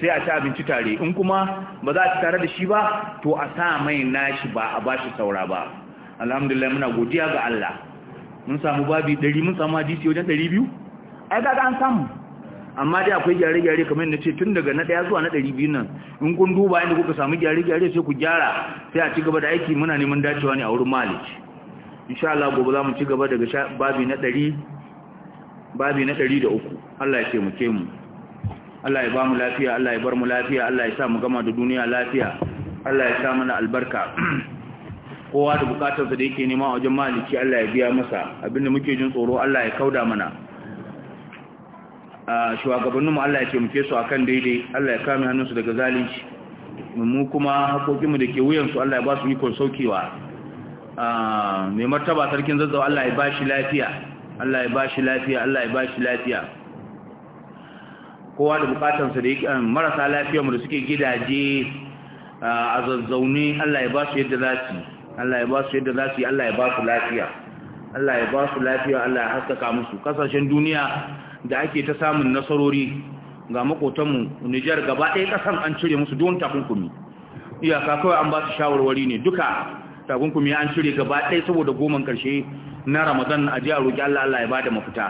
sai a ci abinci tare in kuma ba za a ci tare da shi ba to a sa mai nashi ba a bashi saura ba alhamdulillah muna godiya ga Allah mun samu babi 100 mun samu hadisi wajen 200 ai kaga an samu amma dai akwai gyare-gyare kamar yadda ce tun daga na daya zuwa na 200 biyu nan in kun duba inda kuka samu gyare-gyare sai ku gyara sai a ci gaba da aiki muna neman dacewa ne a wurin malik insha Allah gobe za mu ci gaba daga babi na babi na ɗari da uku Allah ya ce mu Allah ya ba mu lafiya Allah ya bar mu lafiya Allah ya sa mu gama da duniya lafiya Allah ya sa mana albarka kowa da bukatarsa da yake nema a wajen maliki Allah ya biya masa abinda muke jin tsoro Allah ya kauda mana a mu Allah ya ce ke su akan daidai Allah ya kame hannunsu daga zalunci mu kuma mu da ke wuyan su Allah ya ba su ikon saukewa mai martaba sarkin zazzau, Allah ya ba shi lafiya Allah ya bashi lafiya Allah ya bashi lafiya kowa da bukatansa da yake um, marasa lafiya mu da suke gidaje uh, a zazzaune Allah ya bashi yadda za su Allah ya bashi yadda za su Allah ya bashi lafiya Allah ya bashi lafiya Allah ya haskaka musu kasashen duniya da ake ta samun nasarori ga makotanmu Niger, gaba ɗaya kasan an cire musu don takunkumi iyaka kawai an ba su shawarwari ne duka takunkumi an cire gaba ɗaya saboda goman karshe na ramadan a ji a roƙi Allah Allah ya da mafita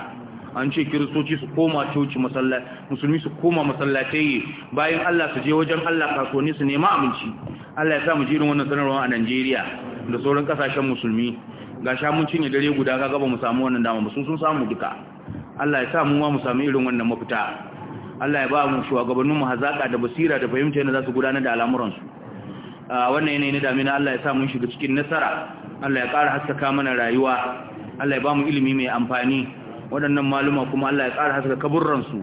an ce kiristoci su koma coci musulmi su koma masallatai bayan Allah su je wajen Allah kasuwanni su nema abinci Allah ya sa mu jirin wannan sanarwa a Najeriya da sauran kasashen musulmi ga sha mun cinye dare guda ga gaba mu samu wannan dama ba sun samu duka Allah ya sa mu ma mu samu irin wannan mafita Allah ya ba mu mu hazaka da basira da fahimta yadda za su gudanar da al'amuransu a wannan yanayi na damina Allah ya sa mun shiga cikin nasara Allah ya ƙara haskaka mana rayuwa Allah ya ba mu ilimi mai amfani waɗannan maluma kuma Allah ya ƙara haskaka kaburran su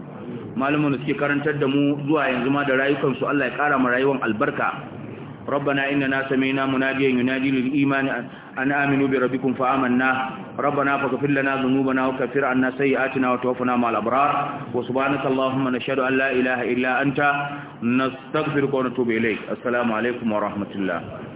malumin da suke karantar da mu zuwa yanzu ma da rayukan su Allah ya ƙara mu rayuwan albarka ربنا إننا سمينا مناديا ينادي للإيمان أن آمنوا بربكم فآمنا ربنا فاغفر لنا ذنوبنا وكفر عنا سيئاتنا وتوفنا مع الأبرار وسبحانك اللهم نشهد أن لا إله إلا أنت نستغفرك ونتوب إليك السلام عليكم ورحمة الله